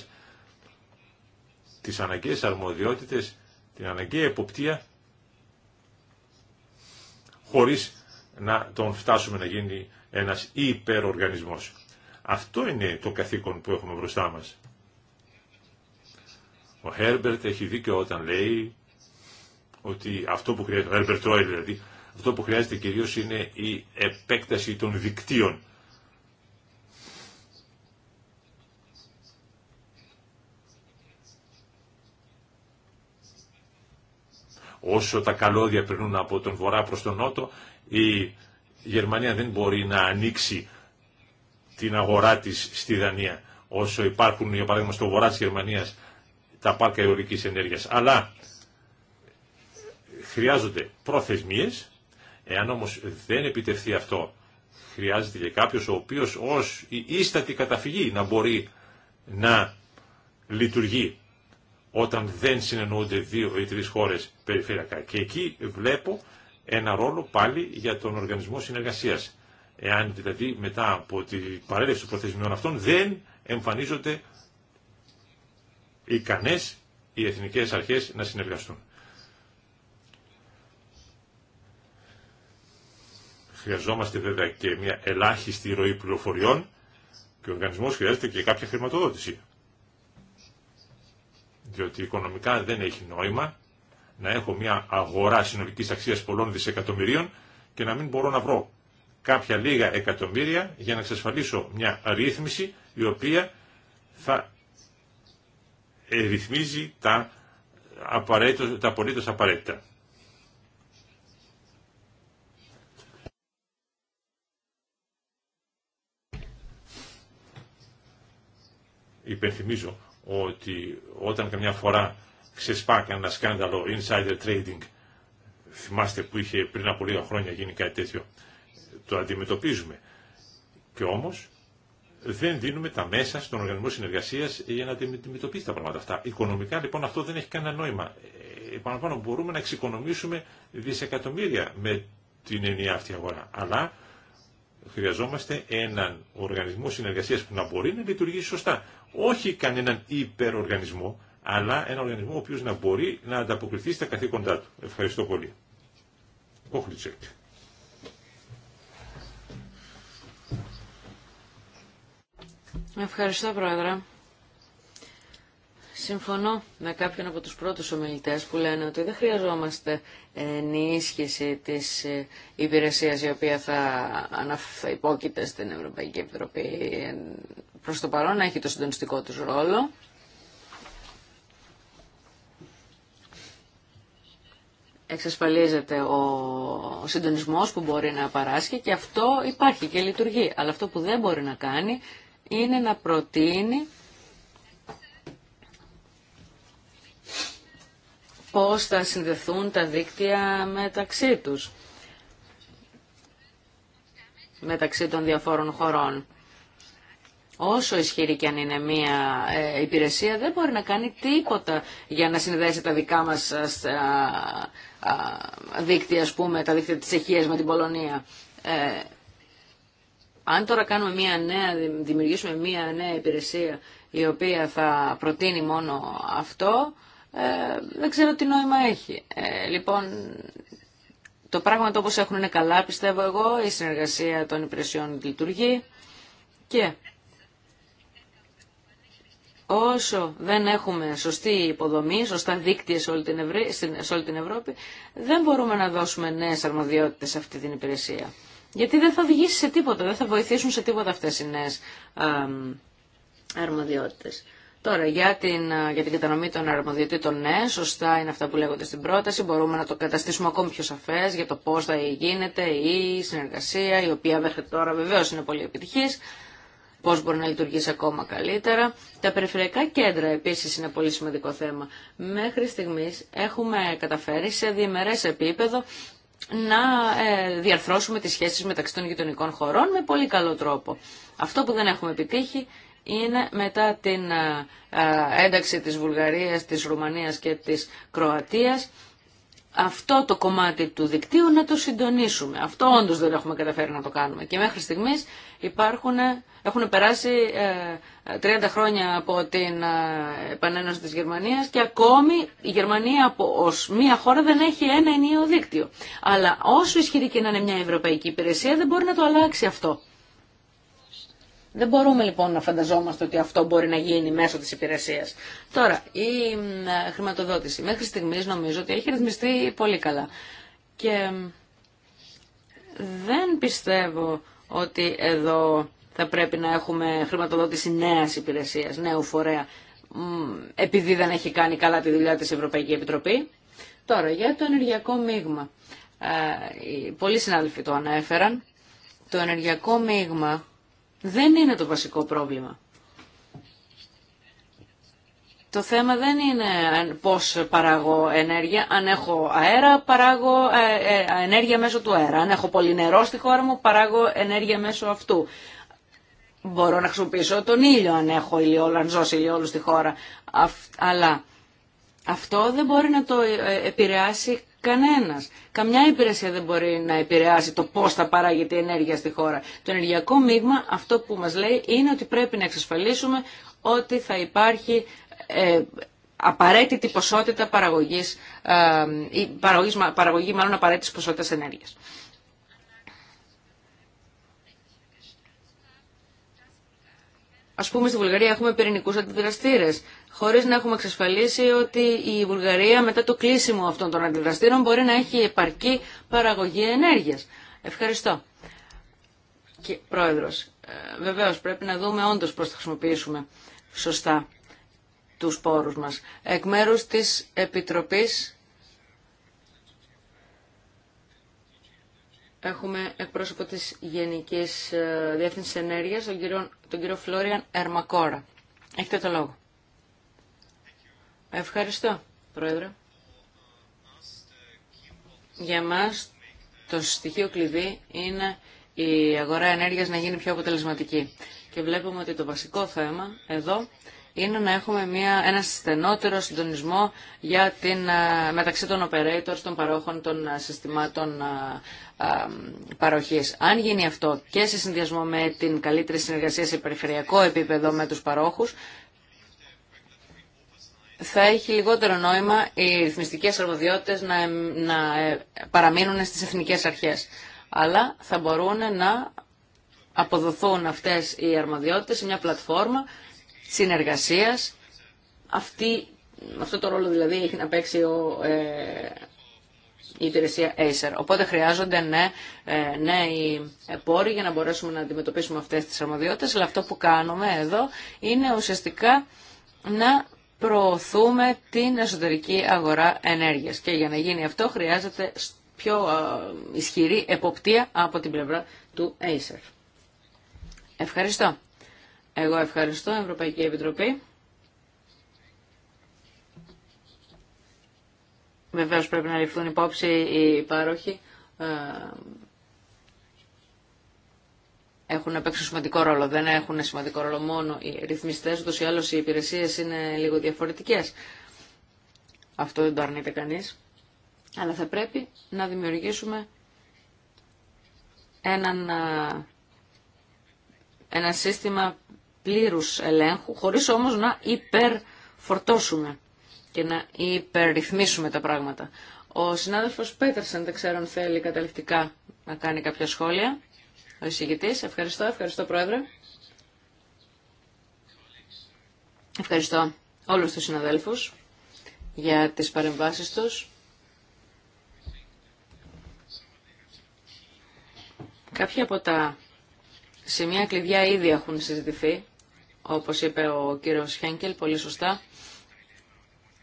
τις αναγκαίε αρμοδιότητε, την αναγκαία εποπτεία, χωρίς να τον φτάσουμε να γίνει ένας υπεροργανισμό. Αυτό είναι το καθήκον που έχουμε μπροστά μα. Ο Χέρμπερτ έχει δίκιο όταν λέει ότι αυτό που χρειάζεται, ο Χέρμπερτ δηλαδή, αυτό που χρειάζεται κυρίως είναι η επέκταση των δικτύων. Όσο τα καλώδια περνούν από τον βορρά προς τον νότο, η Γερμανία δεν μπορεί να ανοίξει την αγορά της στη Δανία. Όσο υπάρχουν, για παράδειγμα, στο βορρά της Γερμανίας τα πάρκα αιωρικής ενέργειας. Αλλά χρειάζονται προθεσμίες Εάν όμως δεν επιτευχθεί αυτό, χρειάζεται και κάποιος ο οποίος ως η ίστατη καταφυγή να μπορεί να λειτουργεί όταν δεν συνεννοούνται δύο ή τρεις χώρες περιφερειακά. Και εκεί βλέπω ένα ρόλο πάλι για τον Οργανισμό Συνεργασίας. Εάν δηλαδή μετά από την παρέλευση των προθεσμιών αυτών δεν εμφανίζονται ικανές οι εθνικές αρχές να συνεργαστούν. Χρειαζόμαστε βέβαια και μια ελάχιστη ροή πληροφοριών και ο οργανισμός χρειάζεται και κάποια χρηματοδότηση. Διότι οικονομικά δεν έχει νόημα να έχω μια αγορά συνολικής αξίας πολλών δισεκατομμυρίων και να μην μπορώ να βρω κάποια λίγα εκατομμύρια για να εξασφαλίσω μια ρύθμιση η οποία θα ρυθμίζει τα, τα απαραίτητα. υπενθυμίζω ότι όταν καμιά φορά ξεσπά ένα σκάνδαλο insider trading, θυμάστε που είχε πριν από λίγα χρόνια γίνει κάτι τέτοιο, το αντιμετωπίζουμε. Και όμως δεν δίνουμε τα μέσα στον οργανισμό συνεργασίας για να αντιμετωπίσει τα πράγματα αυτά. Οικονομικά λοιπόν αυτό δεν έχει κανένα νόημα. Ε, επαναλαμβάνω μπορούμε να εξοικονομήσουμε δισεκατομμύρια με την ενιαία αυτή αγορά. Αλλά Χρειαζόμαστε έναν οργανισμό συνεργασίας που να μπορεί να λειτουργήσει σωστά. Όχι κανέναν υπεροργανισμό, αλλά ένα οργανισμό ο οποίος να μπορεί να ανταποκριθεί στα καθήκοντά του. Ευχαριστώ πολύ. Ευχαριστώ, Πρόεδρε. Συμφωνώ με κάποιον από τους πρώτους ομιλητές που λένε ότι δεν χρειαζόμαστε ενίσχυση της ε, υπηρεσίας η οποία θα, υπόκειται στην Ευρωπαϊκή Επιτροπή. Προς το παρόν έχει το συντονιστικό τους ρόλο. εξασφαλίζεται ο συντονισμός που μπορεί να παράσχει και αυτό υπάρχει και λειτουργεί. Αλλά αυτό που δεν μπορεί να κάνει είναι να προτείνει πώς θα συνδεθούν τα δίκτυα μεταξύ τους, μεταξύ των διαφόρων χωρών. Όσο ισχυρή και αν είναι μία ε, υπηρεσία, δεν μπορεί να κάνει τίποτα για να συνδέσει τα δικά μας ε, ε, δίκτυα, ας πούμε, τα δίκτυα της Αιχίας με την Πολωνία. αν τώρα κάνουμε μια νέα, δημιουργήσουμε μία νέα υπηρεσία η οποία θα προτείνει μόνο αυτό, ε, δεν ξέρω τι νόημα έχει. Ε, λοιπόν, το πράγμα το όπως έχουν είναι καλά, πιστεύω εγώ, η συνεργασία των υπηρεσιών λειτουργεί και όσο δεν έχουμε σωστή υποδομή, σωστά δίκτυα σε όλη την, Ευρώπη, δεν μπορούμε να δώσουμε νέες αρμοδιότητες σε αυτή την υπηρεσία. Γιατί δεν θα οδηγήσει σε τίποτα, δεν θα βοηθήσουν σε τίποτα αυτές οι νέες ε, αρμοδιότητες. Τώρα, για την, για την κατανομή των αρμοδιοτήτων, ναι, σωστά είναι αυτά που λέγονται στην πρόταση. Μπορούμε να το καταστήσουμε ακόμη πιο σαφέ για το πώ θα γίνεται η συνεργασία, η οποία μέχρι τώρα βεβαίω είναι πολύ επιτυχή. Πώ μπορεί να λειτουργήσει ακόμα καλύτερα. Τα περιφερειακά κέντρα επίση είναι πολύ σημαντικό θέμα. Μέχρι στιγμή έχουμε καταφέρει σε διημερέ επίπεδο να ε, διαρθρώσουμε τις σχέσεις μεταξύ των γειτονικών χωρών με πολύ καλό τρόπο. Αυτό που δεν έχουμε επιτύχει είναι μετά την ε, ε, ένταξη της Βουλγαρίας, της Ρουμανίας και της Κροατίας αυτό το κομμάτι του δικτύου να το συντονίσουμε. Αυτό όντως δεν έχουμε καταφέρει να το κάνουμε. Και μέχρι στιγμής υπάρχουν, ε, έχουν περάσει 30 χρόνια από την επανένωση της Γερμανίας και ακόμη η Γερμανία ως μία χώρα δεν έχει ένα ενίο δίκτυο. Αλλά όσο ισχυρή και να είναι μια ευρωπαϊκή υπηρεσία δεν μπορεί να το αλλάξει αυτό. Δεν μπορούμε λοιπόν να φανταζόμαστε ότι αυτό μπορεί να γίνει μέσω της υπηρεσίας. Τώρα, η χρηματοδότηση. Μέχρι στιγμής νομίζω ότι έχει ρυθμιστεί πολύ καλά. Και δεν πιστεύω ότι εδώ θα πρέπει να έχουμε χρηματοδότηση νέας υπηρεσίας, νέου φορέα, επειδή δεν έχει κάνει καλά τη δουλειά της Ευρωπαϊκή Επιτροπή. Τώρα, για το ενεργειακό μείγμα. Ε, πολλοί συνάδελφοι το ανέφεραν. Το ενεργειακό μείγμα δεν είναι το βασικό πρόβλημα. Το θέμα δεν είναι πώς παράγω ενέργεια. Αν έχω αέρα, παράγω ε, ε, ενέργεια μέσω του αέρα. Αν έχω πολύ νερό στη χώρα μου, παράγω ενέργεια μέσω αυτού. Μπορώ να χρησιμοποιήσω τον ήλιο αν έχω ηλιόλου, αν ζω στη χώρα. Αλλά αυτό δεν μπορεί να το ε, επηρεάσει Κανένας. Καμιά υπηρεσία δεν μπορεί να επηρεάσει το πώ θα παράγεται η ενέργεια στη χώρα. Το ενεργειακό μείγμα αυτό που μας λέει είναι ότι πρέπει να εξασφαλίσουμε ότι θα υπάρχει ε, απαραίτητη ποσότητα παραγωγής, ε, παραγωγή μάλλον απαραίτητης ποσότητας ενέργειας. Α πούμε στη Βουλγαρία έχουμε πυρηνικού αντιδραστήρε. Χωρί να έχουμε εξασφαλίσει ότι η Βουλγαρία μετά το κλείσιμο αυτών των αντιδραστήρων μπορεί να έχει επαρκή παραγωγή ενέργειας. Ευχαριστώ. Και, πρόεδρος, ε, βεβαίως πρέπει να δούμε όντω πώς θα χρησιμοποιήσουμε σωστά τους πόρους μας. Εκ μέρου τη επιτροπή. έχουμε εκπρόσωπο της Γενικής ε, Διεύθυνσης Ενέργειας, τον κύριο, τον κύριο Φλόριαν Ερμακόρα. Έχετε το λόγο. Ευχαριστώ, Πρόεδρε. Για μας το στοιχείο κλειδί είναι η αγορά ενέργειας να γίνει πιο αποτελεσματική. Και βλέπουμε ότι το βασικό θέμα εδώ είναι να έχουμε μια, ένα στενότερο συντονισμό για την, ε, μεταξύ των operators, των παρόχων, των ε, συστημάτων ε, παροχής. Αν γίνει αυτό και σε συνδυασμό με την καλύτερη συνεργασία σε περιφερειακό επίπεδο με τους παρόχους, θα έχει λιγότερο νόημα οι ρυθμιστικές αρμοδιότητες να, να παραμείνουν στις εθνικές αρχές. Αλλά θα μπορούν να αποδοθούν αυτές οι αρμοδιότητες σε μια πλατφόρμα συνεργασίας. Αυτή, αυτό το ρόλο δηλαδή έχει να παίξει ο, ε, η υπηρεσία Acer. Οπότε χρειάζονται ναι, ε, νέοι πόροι για να μπορέσουμε να αντιμετωπίσουμε αυτές τις αρμοδιότητες, αλλά αυτό που κάνουμε εδώ είναι ουσιαστικά να προωθούμε την εσωτερική αγορά ενέργειας. Και για να γίνει αυτό χρειάζεται πιο ε, ισχυρή εποπτεία από την πλευρά του Acer. Ευχαριστώ. Εγώ ευχαριστώ, Ευρωπαϊκή Επιτροπή. Βεβαίω πρέπει να ληφθούν υπόψη οι πάροχοι. Ε, έχουν παίξει σημαντικό ρόλο. Δεν έχουν σημαντικό ρόλο μόνο οι ρυθμιστέ, ούτω ή άλλω οι υπηρεσίε είναι λίγο διαφορετικέ. Αυτό δεν το αρνείται κανεί. Αλλά θα πρέπει να δημιουργήσουμε έναν, ε, ένα σύστημα πλήρους ελέγχου, χωρίς όμως να υπερφορτώσουμε και να υπερρυθμίσουμε τα πράγματα. Ο συνάδελφος Πέτερσεν δεν ξέρω αν θέλει καταληκτικά να κάνει κάποια σχόλια. Ο εισηγητής, ευχαριστώ, ευχαριστώ πρόεδρε. Ευχαριστώ όλους τους συναδέλφους για τις παρεμβάσεις τους. Κάποια από τα σημεία κλειδιά ήδη έχουν συζητηθεί όπως είπε ο κύριος Χένκελ πολύ σωστά,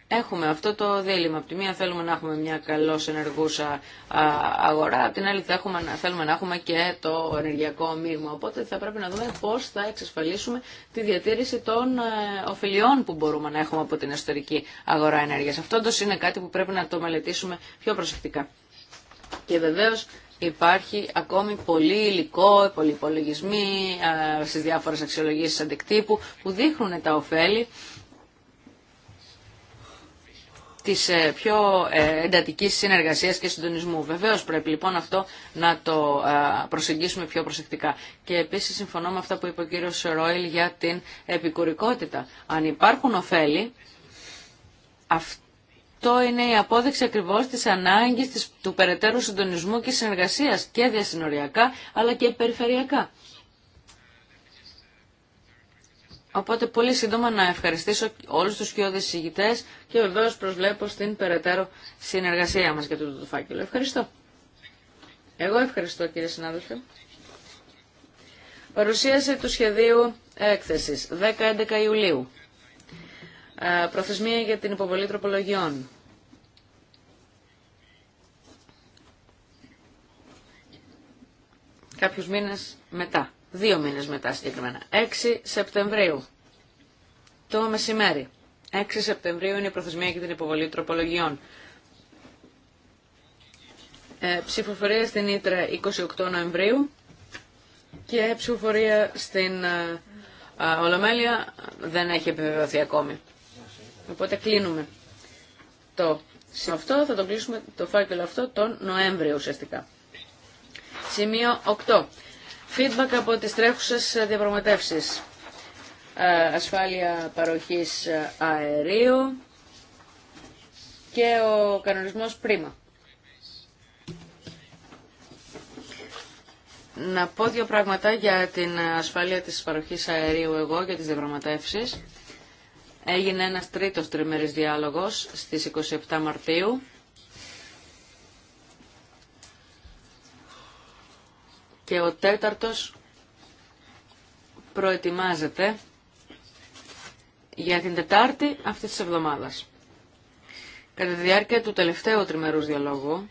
έχουμε αυτό το δίλημα. Από τη μία θέλουμε να έχουμε μια καλώς ενεργούσα αγορά, από την άλλη θα έχουμε, θέλουμε να εχουμε μια καλό ενεργουσα αγορα απο την αλλη θελουμε να εχουμε και το ενεργειακό μείγμα. Οπότε θα πρέπει να δούμε πώς θα εξασφαλίσουμε τη διατήρηση των ε, ωφελιών που μπορούμε να έχουμε από την εσωτερική αγορά ενέργειας. Αυτό είναι κάτι που πρέπει να το μελετήσουμε πιο προσεκτικά. Και βεβαίως υπάρχει ακόμη πολύ υλικό, πολλοί υπολογισμοί στις διάφορες αξιολογήσεις αντικτύπου που δείχνουν τα ωφέλη της ε, πιο ε, εντατικής συνεργασίας και συντονισμού. Βεβαίως πρέπει λοιπόν αυτό να το προσεγγίσουμε πιο προσεκτικά. Και επίσης συμφωνώ με αυτά που είπε ο κύριος Ρόιλ για την επικουρικότητα. Αν υπάρχουν ωφέλη, το είναι η απόδειξη ακριβώς της ανάγκης του περαιτέρω συντονισμού και συνεργασίας και διασυνοριακά αλλά και περιφερειακά. Οπότε πολύ σύντομα να ευχαριστήσω όλους τους κοιόδες συγγητές και βεβαίω προσβλέπω στην περαιτέρω συνεργασία μας για το φάκελο. Ευχαριστώ. Εγώ ευχαριστώ κύριε συνάδελφε. Παρουσίαση του σχεδίου έκθεσης 10-11 Ιουλίου. Ε, προθεσμία για την υποβολή τροπολογιών. Κάποιους μήνες μετά, δύο μήνες μετά συγκεκριμένα, 6 Σεπτεμβρίου, το μεσημέρι. 6 Σεπτεμβρίου είναι η προθεσμία για την υποβολή τροπολογιών. Ε, ψηφοφορία στην Ήτρα 28 Νοεμβρίου και ψηφοφορία στην ε, Ολομέλεια δεν έχει επιβεβαιωθεί ακόμη. Οπότε κλείνουμε το σημείο. αυτό, θα το κλείσουμε το φάκελο αυτό τον Νοέμβριο ουσιαστικά. Σημείο 8. Feedback από τις τρέχουσες διαπραγματεύσεις. Ε, ασφάλεια παροχής αερίου και ο κανονισμός πρίμα. Να πω δύο πράγματα για την ασφάλεια της παροχής αερίου εγώ και τις διαπραγματεύσεις. Έγινε ένας τρίτος τριμερής διάλογος στις 27 Μαρτίου. Και ο τέταρτος προετοιμάζεται για την Τετάρτη αυτής της εβδομάδας. Κατά τη διάρκεια του τελευταίου τριμερούς διαλόγου,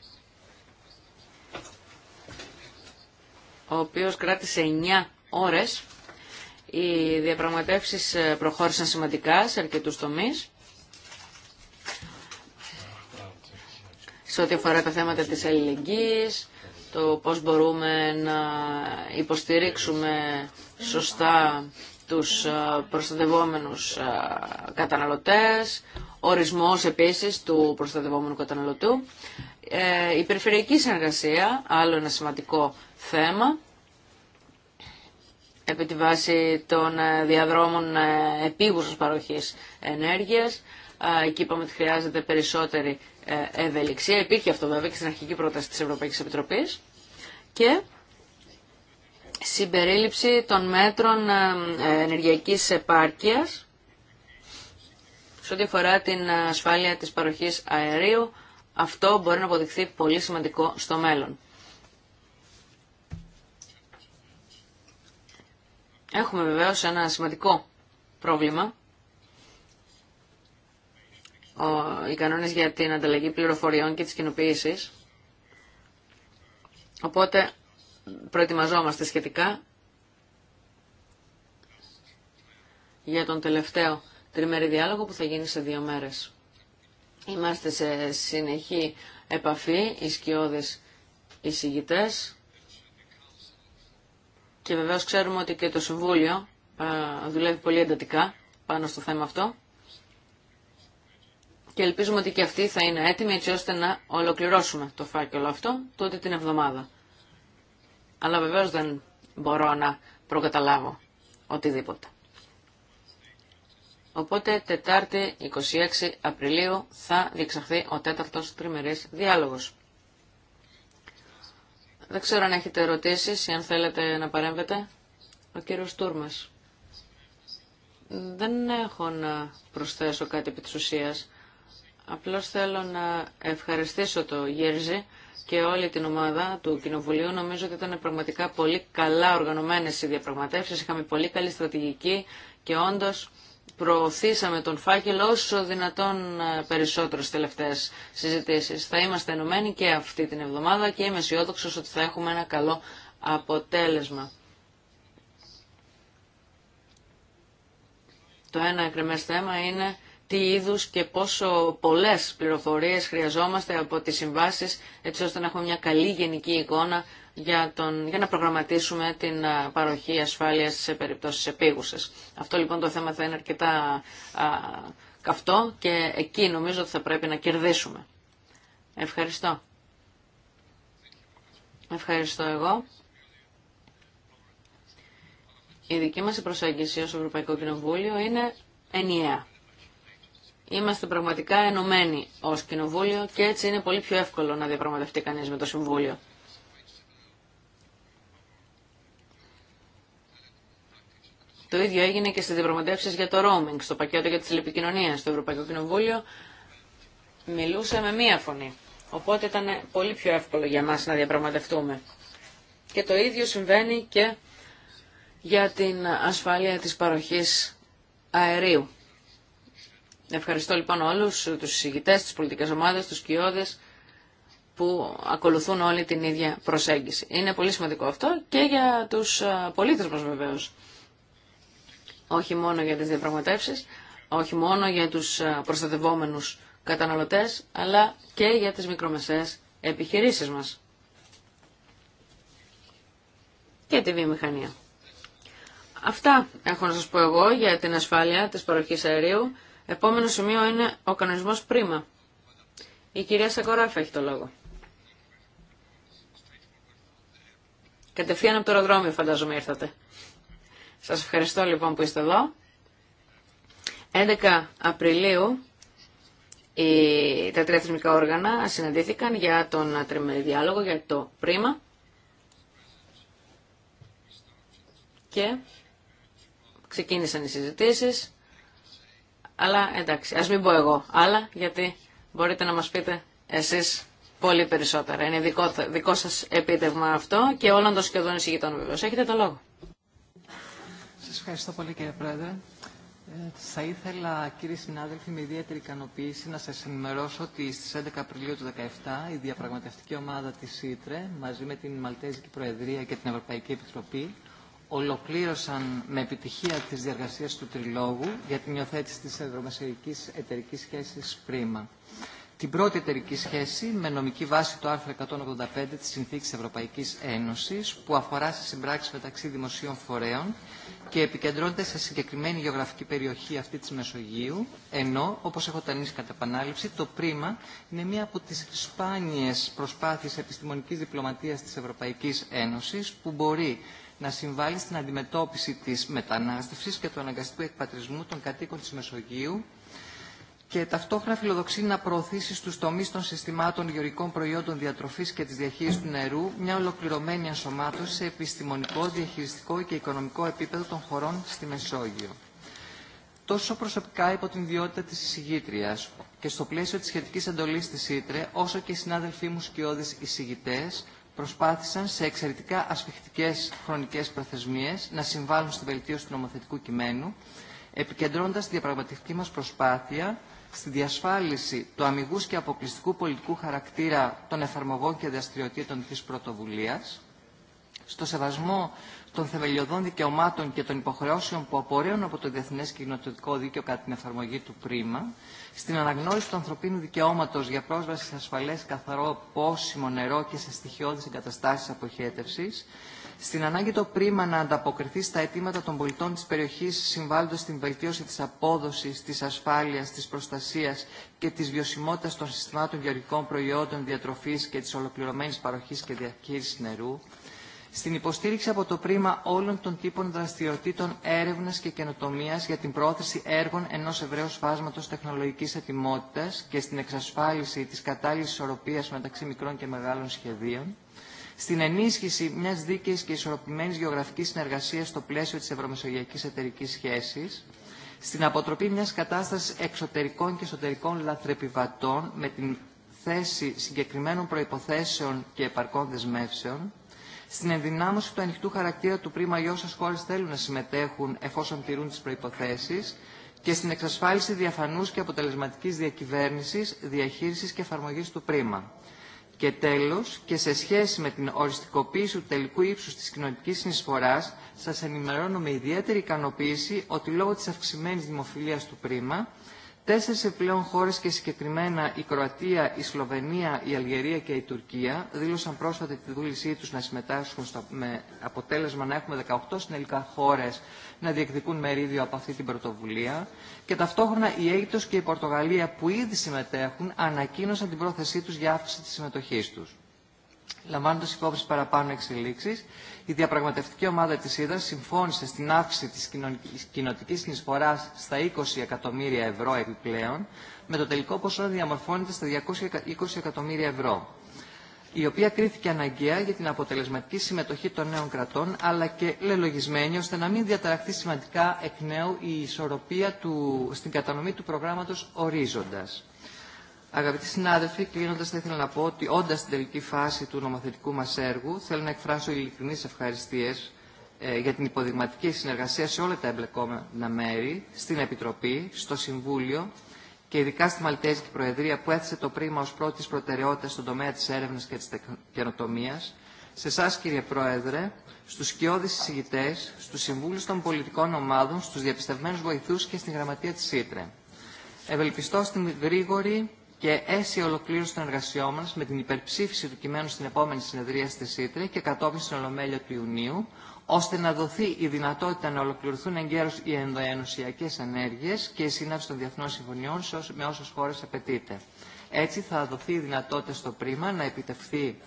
ο οποίος κράτησε 9 ώρες, οι διαπραγματεύσεις ε, προχώρησαν σημαντικά σε αρκετούς τομείς. Σε ό,τι αφορά τα θέματα της αλληλεγγύης, το πώς μπορούμε να υποστηρίξουμε σωστά τους ε, προστατευόμενους ε, καταναλωτές, ορισμός επίσης του προστατευόμενου καταναλωτού. Η περιφερειακή συνεργασία, άλλο ένα σημαντικό θέμα, επί τη βάση των ε, διαδρόμων ε, επίγουσας παροχής ενέργειας. Εκεί είπαμε ότι χρειάζεται περισσότερη ε, ευελιξία. Υπήρχε αυτό βέβαια και στην αρχική πρόταση της Ευρωπαϊκής Επιτροπής. Και συμπερίληψη των μέτρων ενεργειακής επάρκειας σε ό,τι αφορά την ασφάλεια της παροχής αερίου. Αυτό μπορεί να αποδειχθεί πολύ σημαντικό στο μέλλον. Έχουμε βεβαίως ένα σημαντικό πρόβλημα. οι κανόνες για την ανταλλαγή πληροφοριών και τις κοινοποίηση. Οπότε προετοιμαζόμαστε σχετικά για τον τελευταίο τριμερή διάλογο που θα γίνει σε δύο μέρες. Είμαστε σε συνεχή επαφή, οι σκιώδες εισηγητές και βεβαίως ξέρουμε ότι και το Συμβούλιο ε, δουλεύει πολύ εντατικά πάνω στο θέμα αυτό και ελπίζουμε ότι και αυτοί θα είναι έτοιμοι έτσι ώστε να ολοκληρώσουμε το φάκελο αυτό τότε την εβδομάδα. Αλλά βεβαίως δεν μπορώ να προκαταλάβω οτιδήποτε. Οπότε Τετάρτη 26 Απριλίου θα διεξαχθεί ο τέταρτος τριμερής διάλογος. Δεν ξέρω αν έχετε ερωτήσεις ή αν θέλετε να παρέμβετε. Ο κύριος Τούρμας. Δεν έχω να προσθέσω κάτι επί της ουσίας. Απλώς θέλω να ευχαριστήσω το Γέρζη και όλη την ομάδα του Κοινοβουλίου. Νομίζω ότι ήταν πραγματικά πολύ καλά οργανωμένες οι διαπραγματεύσεις. Είχαμε πολύ καλή στρατηγική και όντως προωθήσαμε τον φάκελο όσο δυνατόν ε, περισσότερο στις τελευταίες συζητήσεις. Θα είμαστε ενωμένοι και αυτή την εβδομάδα και είμαι αισιόδοξο ότι θα έχουμε ένα καλό αποτέλεσμα. Το ένα εκκρεμέ θέμα είναι τι είδους και πόσο πολλές πληροφορίες χρειαζόμαστε από τις συμβάσεις έτσι ώστε να έχουμε μια καλή γενική εικόνα για, τον, για να προγραμματίσουμε την παροχή ασφάλειας σε περιπτώσεις επίγουσες. Αυτό λοιπόν το θέμα θα είναι αρκετά α, καυτό και εκεί νομίζω ότι θα πρέπει να κερδίσουμε. Ευχαριστώ. Ευχαριστώ εγώ. Η δική μας προσέγγιση ως Ευρωπαϊκό Κοινοβούλιο είναι ενιαία. Είμαστε πραγματικά ενωμένοι ως Κοινοβούλιο και έτσι είναι πολύ πιο εύκολο να διαπραγματευτεί κανείς με το Συμβούλιο. Το ίδιο έγινε και στι διαπραγματεύσει για το roaming, στο πακέτο για τη τηλεπικοινωνία. στο Ευρωπαϊκό Κοινοβούλιο. Μιλούσε με μία φωνή. Οπότε ήταν πολύ πιο εύκολο για μας να διαπραγματευτούμε. Και το ίδιο συμβαίνει και για την ασφάλεια της παροχής αερίου. Ευχαριστώ λοιπόν όλους τους συζητητές, τις πολιτικές ομάδες, τους κοιόδες που ακολουθούν όλη την ίδια προσέγγιση. Είναι πολύ σημαντικό αυτό και για τους πολίτες μας βεβαίως όχι μόνο για τις διαπραγματεύσεις, όχι μόνο για τους ε, προστατευόμενους καταναλωτές, αλλά και για τις μικρομεσαίες επιχειρήσεις μας και τη βιομηχανία. Αυτά έχω να σας πω εγώ για την ασφάλεια της παροχής αερίου. Επόμενο σημείο είναι ο κανονισμός πρίμα. Η κυρία Σακοράφα έχει το λόγο. Κατευθείαν από το αεροδρόμιο φαντάζομαι ήρθατε. Σας ευχαριστώ λοιπόν που είστε εδώ. 11 Απριλίου οι, τα τρία θεσμικά όργανα συναντήθηκαν για τον τριμερή διάλογο, για το πρίμα. Και ξεκίνησαν οι συζητήσεις. Αλλά εντάξει, ας μην πω εγώ άλλα, γιατί μπορείτε να μας πείτε εσείς πολύ περισσότερα. Είναι δικό, δικό σας επίτευγμα αυτό και όλων των σχεδόν εισηγητών βεβαίως. Έχετε το λόγο. Ευχαριστώ πολύ κύριε Πρόεδρε. Ε, θα ήθελα, κύριοι συνάδελφοι, με ιδιαίτερη ικανοποίηση να σας ενημερώσω ότι στις 11 Απριλίου του 2017 η διαπραγματευτική ομάδα της ΙΤΡΕ μαζί με την Μαλτέζικη Προεδρία και την Ευρωπαϊκή Επιτροπή ολοκλήρωσαν με επιτυχία τις διαργασίες του Τριλόγου για την υιοθέτηση της ευρωμεσαιρικής εταιρικής σχέσης πρίμα την πρώτη εταιρική σχέση με νομική βάση το άρθρο 185 της Συνθήκης Ευρωπαϊκής Ένωσης που αφορά σε συμπράξεις μεταξύ δημοσίων φορέων και επικεντρώνεται σε συγκεκριμένη γεωγραφική περιοχή αυτή της Μεσογείου ενώ, όπως έχω τανίσει κατά επανάληψη, το πρίμα είναι μία από τις σπάνιες προσπάθειες επιστημονικής διπλωματίας της Ευρωπαϊκής Ένωσης που μπορεί να συμβάλλει στην αντιμετώπιση της μετανάστευσης και του αναγκαστικού εκπατρισμού των κατοίκων της Μεσογείου και ταυτόχρονα φιλοδοξεί να προωθήσει στους τομείς των συστημάτων γεωργικών προϊόντων διατροφής και της διαχείρισης του νερού μια ολοκληρωμένη ενσωμάτωση σε επιστημονικό, διαχειριστικό και οικονομικό επίπεδο των χωρών στη Μεσόγειο. Τόσο προσωπικά υπό την ιδιότητα της εισηγήτριας και στο πλαίσιο της σχετικής εντολή της ΣΥΤΡΕ, όσο και οι συνάδελφοί μου σκιώδεις εισηγητές, προσπάθησαν σε εξαιρετικά ασφιχτικές χρονικέ προθεσμίε, να συμβάλλουν στη βελτίωση του νομοθετικού κειμένου, επικεντρώνοντας τη διαπραγματευτική μα προσπάθεια στη διασφάλιση του αμυγούς και αποκλειστικού πολιτικού χαρακτήρα των εφαρμογών και δραστηριοτήτων της πρωτοβουλίας, στο σεβασμό των θεμελιωδών δικαιωμάτων και των υποχρεώσεων που απορρέουν από το Διεθνέ Κοινοτικό Δίκαιο κατά την εφαρμογή του πρίμα, στην αναγνώριση του ανθρωπίνου δικαιώματο για πρόσβαση σε ασφαλέ, καθαρό, πόσιμο νερό και σε στοιχειώδει εγκαταστάσει αποχέτευση, στην ανάγκη το πρίμα να ανταποκριθεί στα αιτήματα των πολιτών της περιοχής συμβάλλοντας στην βελτίωση της απόδοσης, της ασφάλειας, της προστασίας και της βιωσιμότητα των συστημάτων γεωργικών προϊόντων διατροφής και της ολοκληρωμένης παροχής και διαχείρισης νερού, στην υποστήριξη από το πρίμα όλων των τύπων δραστηριοτήτων έρευνας και καινοτομίας για την πρόθεση έργων ενός ευρέως φάσματος τεχνολογικής ετοιμότητας και στην εξασφάλιση της κατάλληλης ισορροπίας μεταξύ μικρών και μεγάλων σχεδίων, στην ενίσχυση μια δίκαιη και ισορροπημένη γεωγραφική συνεργασία στο πλαίσιο τη ευρωμεσογειακή εταιρική σχέση, στην αποτροπή μια κατάσταση εξωτερικών και εσωτερικών λαθρεπιβατών με την θέση συγκεκριμένων προποθέσεων και επαρκών δεσμεύσεων, στην ενδυνάμωση του ανοιχτού χαρακτήρα του πρίμα για όσε χώρε θέλουν να συμμετέχουν εφόσον τηρούν τι προποθέσει και στην εξασφάλιση διαφανού και αποτελεσματική διακυβέρνηση, διαχείριση και εφαρμογή του πρίμα. Και τέλος, και σε σχέση με την οριστικοποίηση του τελικού ύψους της κοινωνικής συνεισφοράς, σας ενημερώνω με ιδιαίτερη ικανοποίηση ότι λόγω της αυξημένης δημοφιλίας του πρίμα, Τέσσερις επιπλέον χώρες και συγκεκριμένα η Κροατία, η Σλοβενία, η Αλγερία και η Τουρκία δήλωσαν πρόσφατα τη δούλησή τους να συμμετάσχουν με αποτέλεσμα να έχουμε 18 συνελικά χώρες να διεκδικούν μερίδιο από αυτή την πρωτοβουλία και ταυτόχρονα η Αίγυπτος και η Πορτογαλία που ήδη συμμετέχουν ανακοίνωσαν την πρόθεσή τους για αύξηση της συμμετοχής τους. Λαμβάνοντα υπόψη παραπάνω εξελίξει, η διαπραγματευτική ομάδα τη ΣΥΔΑ συμφώνησε στην αύξηση τη κοινοτική συνεισφορά στα 20 εκατομμύρια ευρώ επιπλέον, με το τελικό ποσό να διαμορφώνεται στα 220 εκατομμύρια ευρώ, η οποία κρίθηκε αναγκαία για την αποτελεσματική συμμετοχή των νέων κρατών, αλλά και λελογισμένη ώστε να μην διαταραχθεί σημαντικά εκ νέου η ισορροπία του, στην κατανομή του προγράμματο Ορίζοντα. Αγαπητοί συνάδελφοι, κλείνοντα, θα ήθελα να πω ότι όντα στην τελική φάση του νομοθετικού μα έργου, θέλω να εκφράσω ειλικρινεί ευχαριστίε ε, για την υποδειγματική συνεργασία σε όλα τα εμπλεκόμενα μέρη, στην Επιτροπή, στο Συμβούλιο και ειδικά στη Μαλτέζικη Προεδρία που έθεσε το πρίμα ω πρώτη προτεραιότητα στον τομέα τη έρευνα και τη καινοτομία, σε εσά κύριε Πρόεδρε, στου σκιώδει συζητητέ, στου συμβούλου των πολιτικών ομάδων, στου διαπιστευμένου βοηθού και στην γραμματεία τη ΣΥΤΡΕ. Ευελπιστώ στην γρήγορη και αίσια ολοκλήρωση των εργασιών μα με την υπερψήφιση του κειμένου στην επόμενη συνεδρία στη ΣΥΤΡΕ και κατόπιν στην Ολομέλεια του Ιουνίου, ώστε να δοθεί η δυνατότητα να ολοκληρωθούν εγκαίρω οι ενδοενωσιακέ ενέργειε και η σύναψη των διεθνών συμφωνιών με όσε χώρε απαιτείται. Έτσι θα δοθεί η δυνατότητα στο πρίμα να επιτευχθεί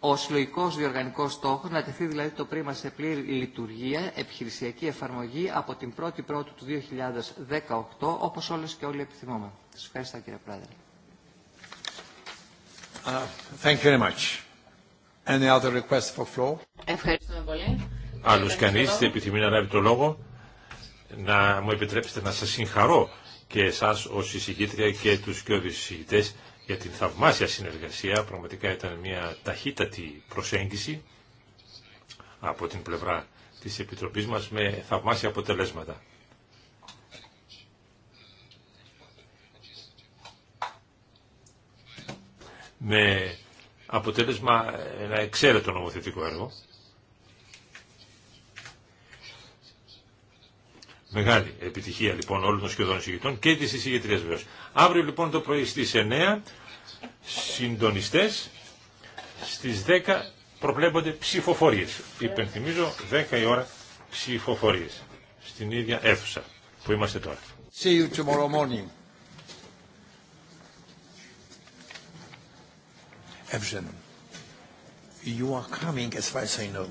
ο συλλογικό διοργανικό στόχο, να τεθεί δηλαδή το πρίμα σε πλήρη λειτουργία, επιχειρησιακή εφαρμογή από την 1η πρώτη του 2018, όπω όλε και όλοι επιθυμούμε. Σα ευχαριστώ κύριε Πρόεδρε. Uh, thank you very much. Any other request for floor? Ευχαριστούμε πολύ. Άλλος κανείς δεν επιθυμεί να λάβει το λόγο. Να μου επιτρέψετε να σας συγχαρώ και εσάς ως εισηγήτρια και τους και οδησυγητές για την θαυμάσια συνεργασία. Πραγματικά ήταν μια ταχύτατη προσέγγιση από την πλευρά της Επιτροπής μας με θαυμάσια αποτελέσματα. με αποτέλεσμα ένα εξαίρετο νομοθετικό έργο. Μεγάλη επιτυχία λοιπόν όλων των σχεδόν εισηγητών και της εισηγητρίας βεβαίως. Αύριο λοιπόν το πρωί στις 9 συντονιστές στις 10 προβλέπονται ψηφοφορίες. Υπενθυμίζω 10 η ώρα ψηφοφορίες στην ίδια αίθουσα που είμαστε τώρα. See you Evgen, you are coming as far as I know.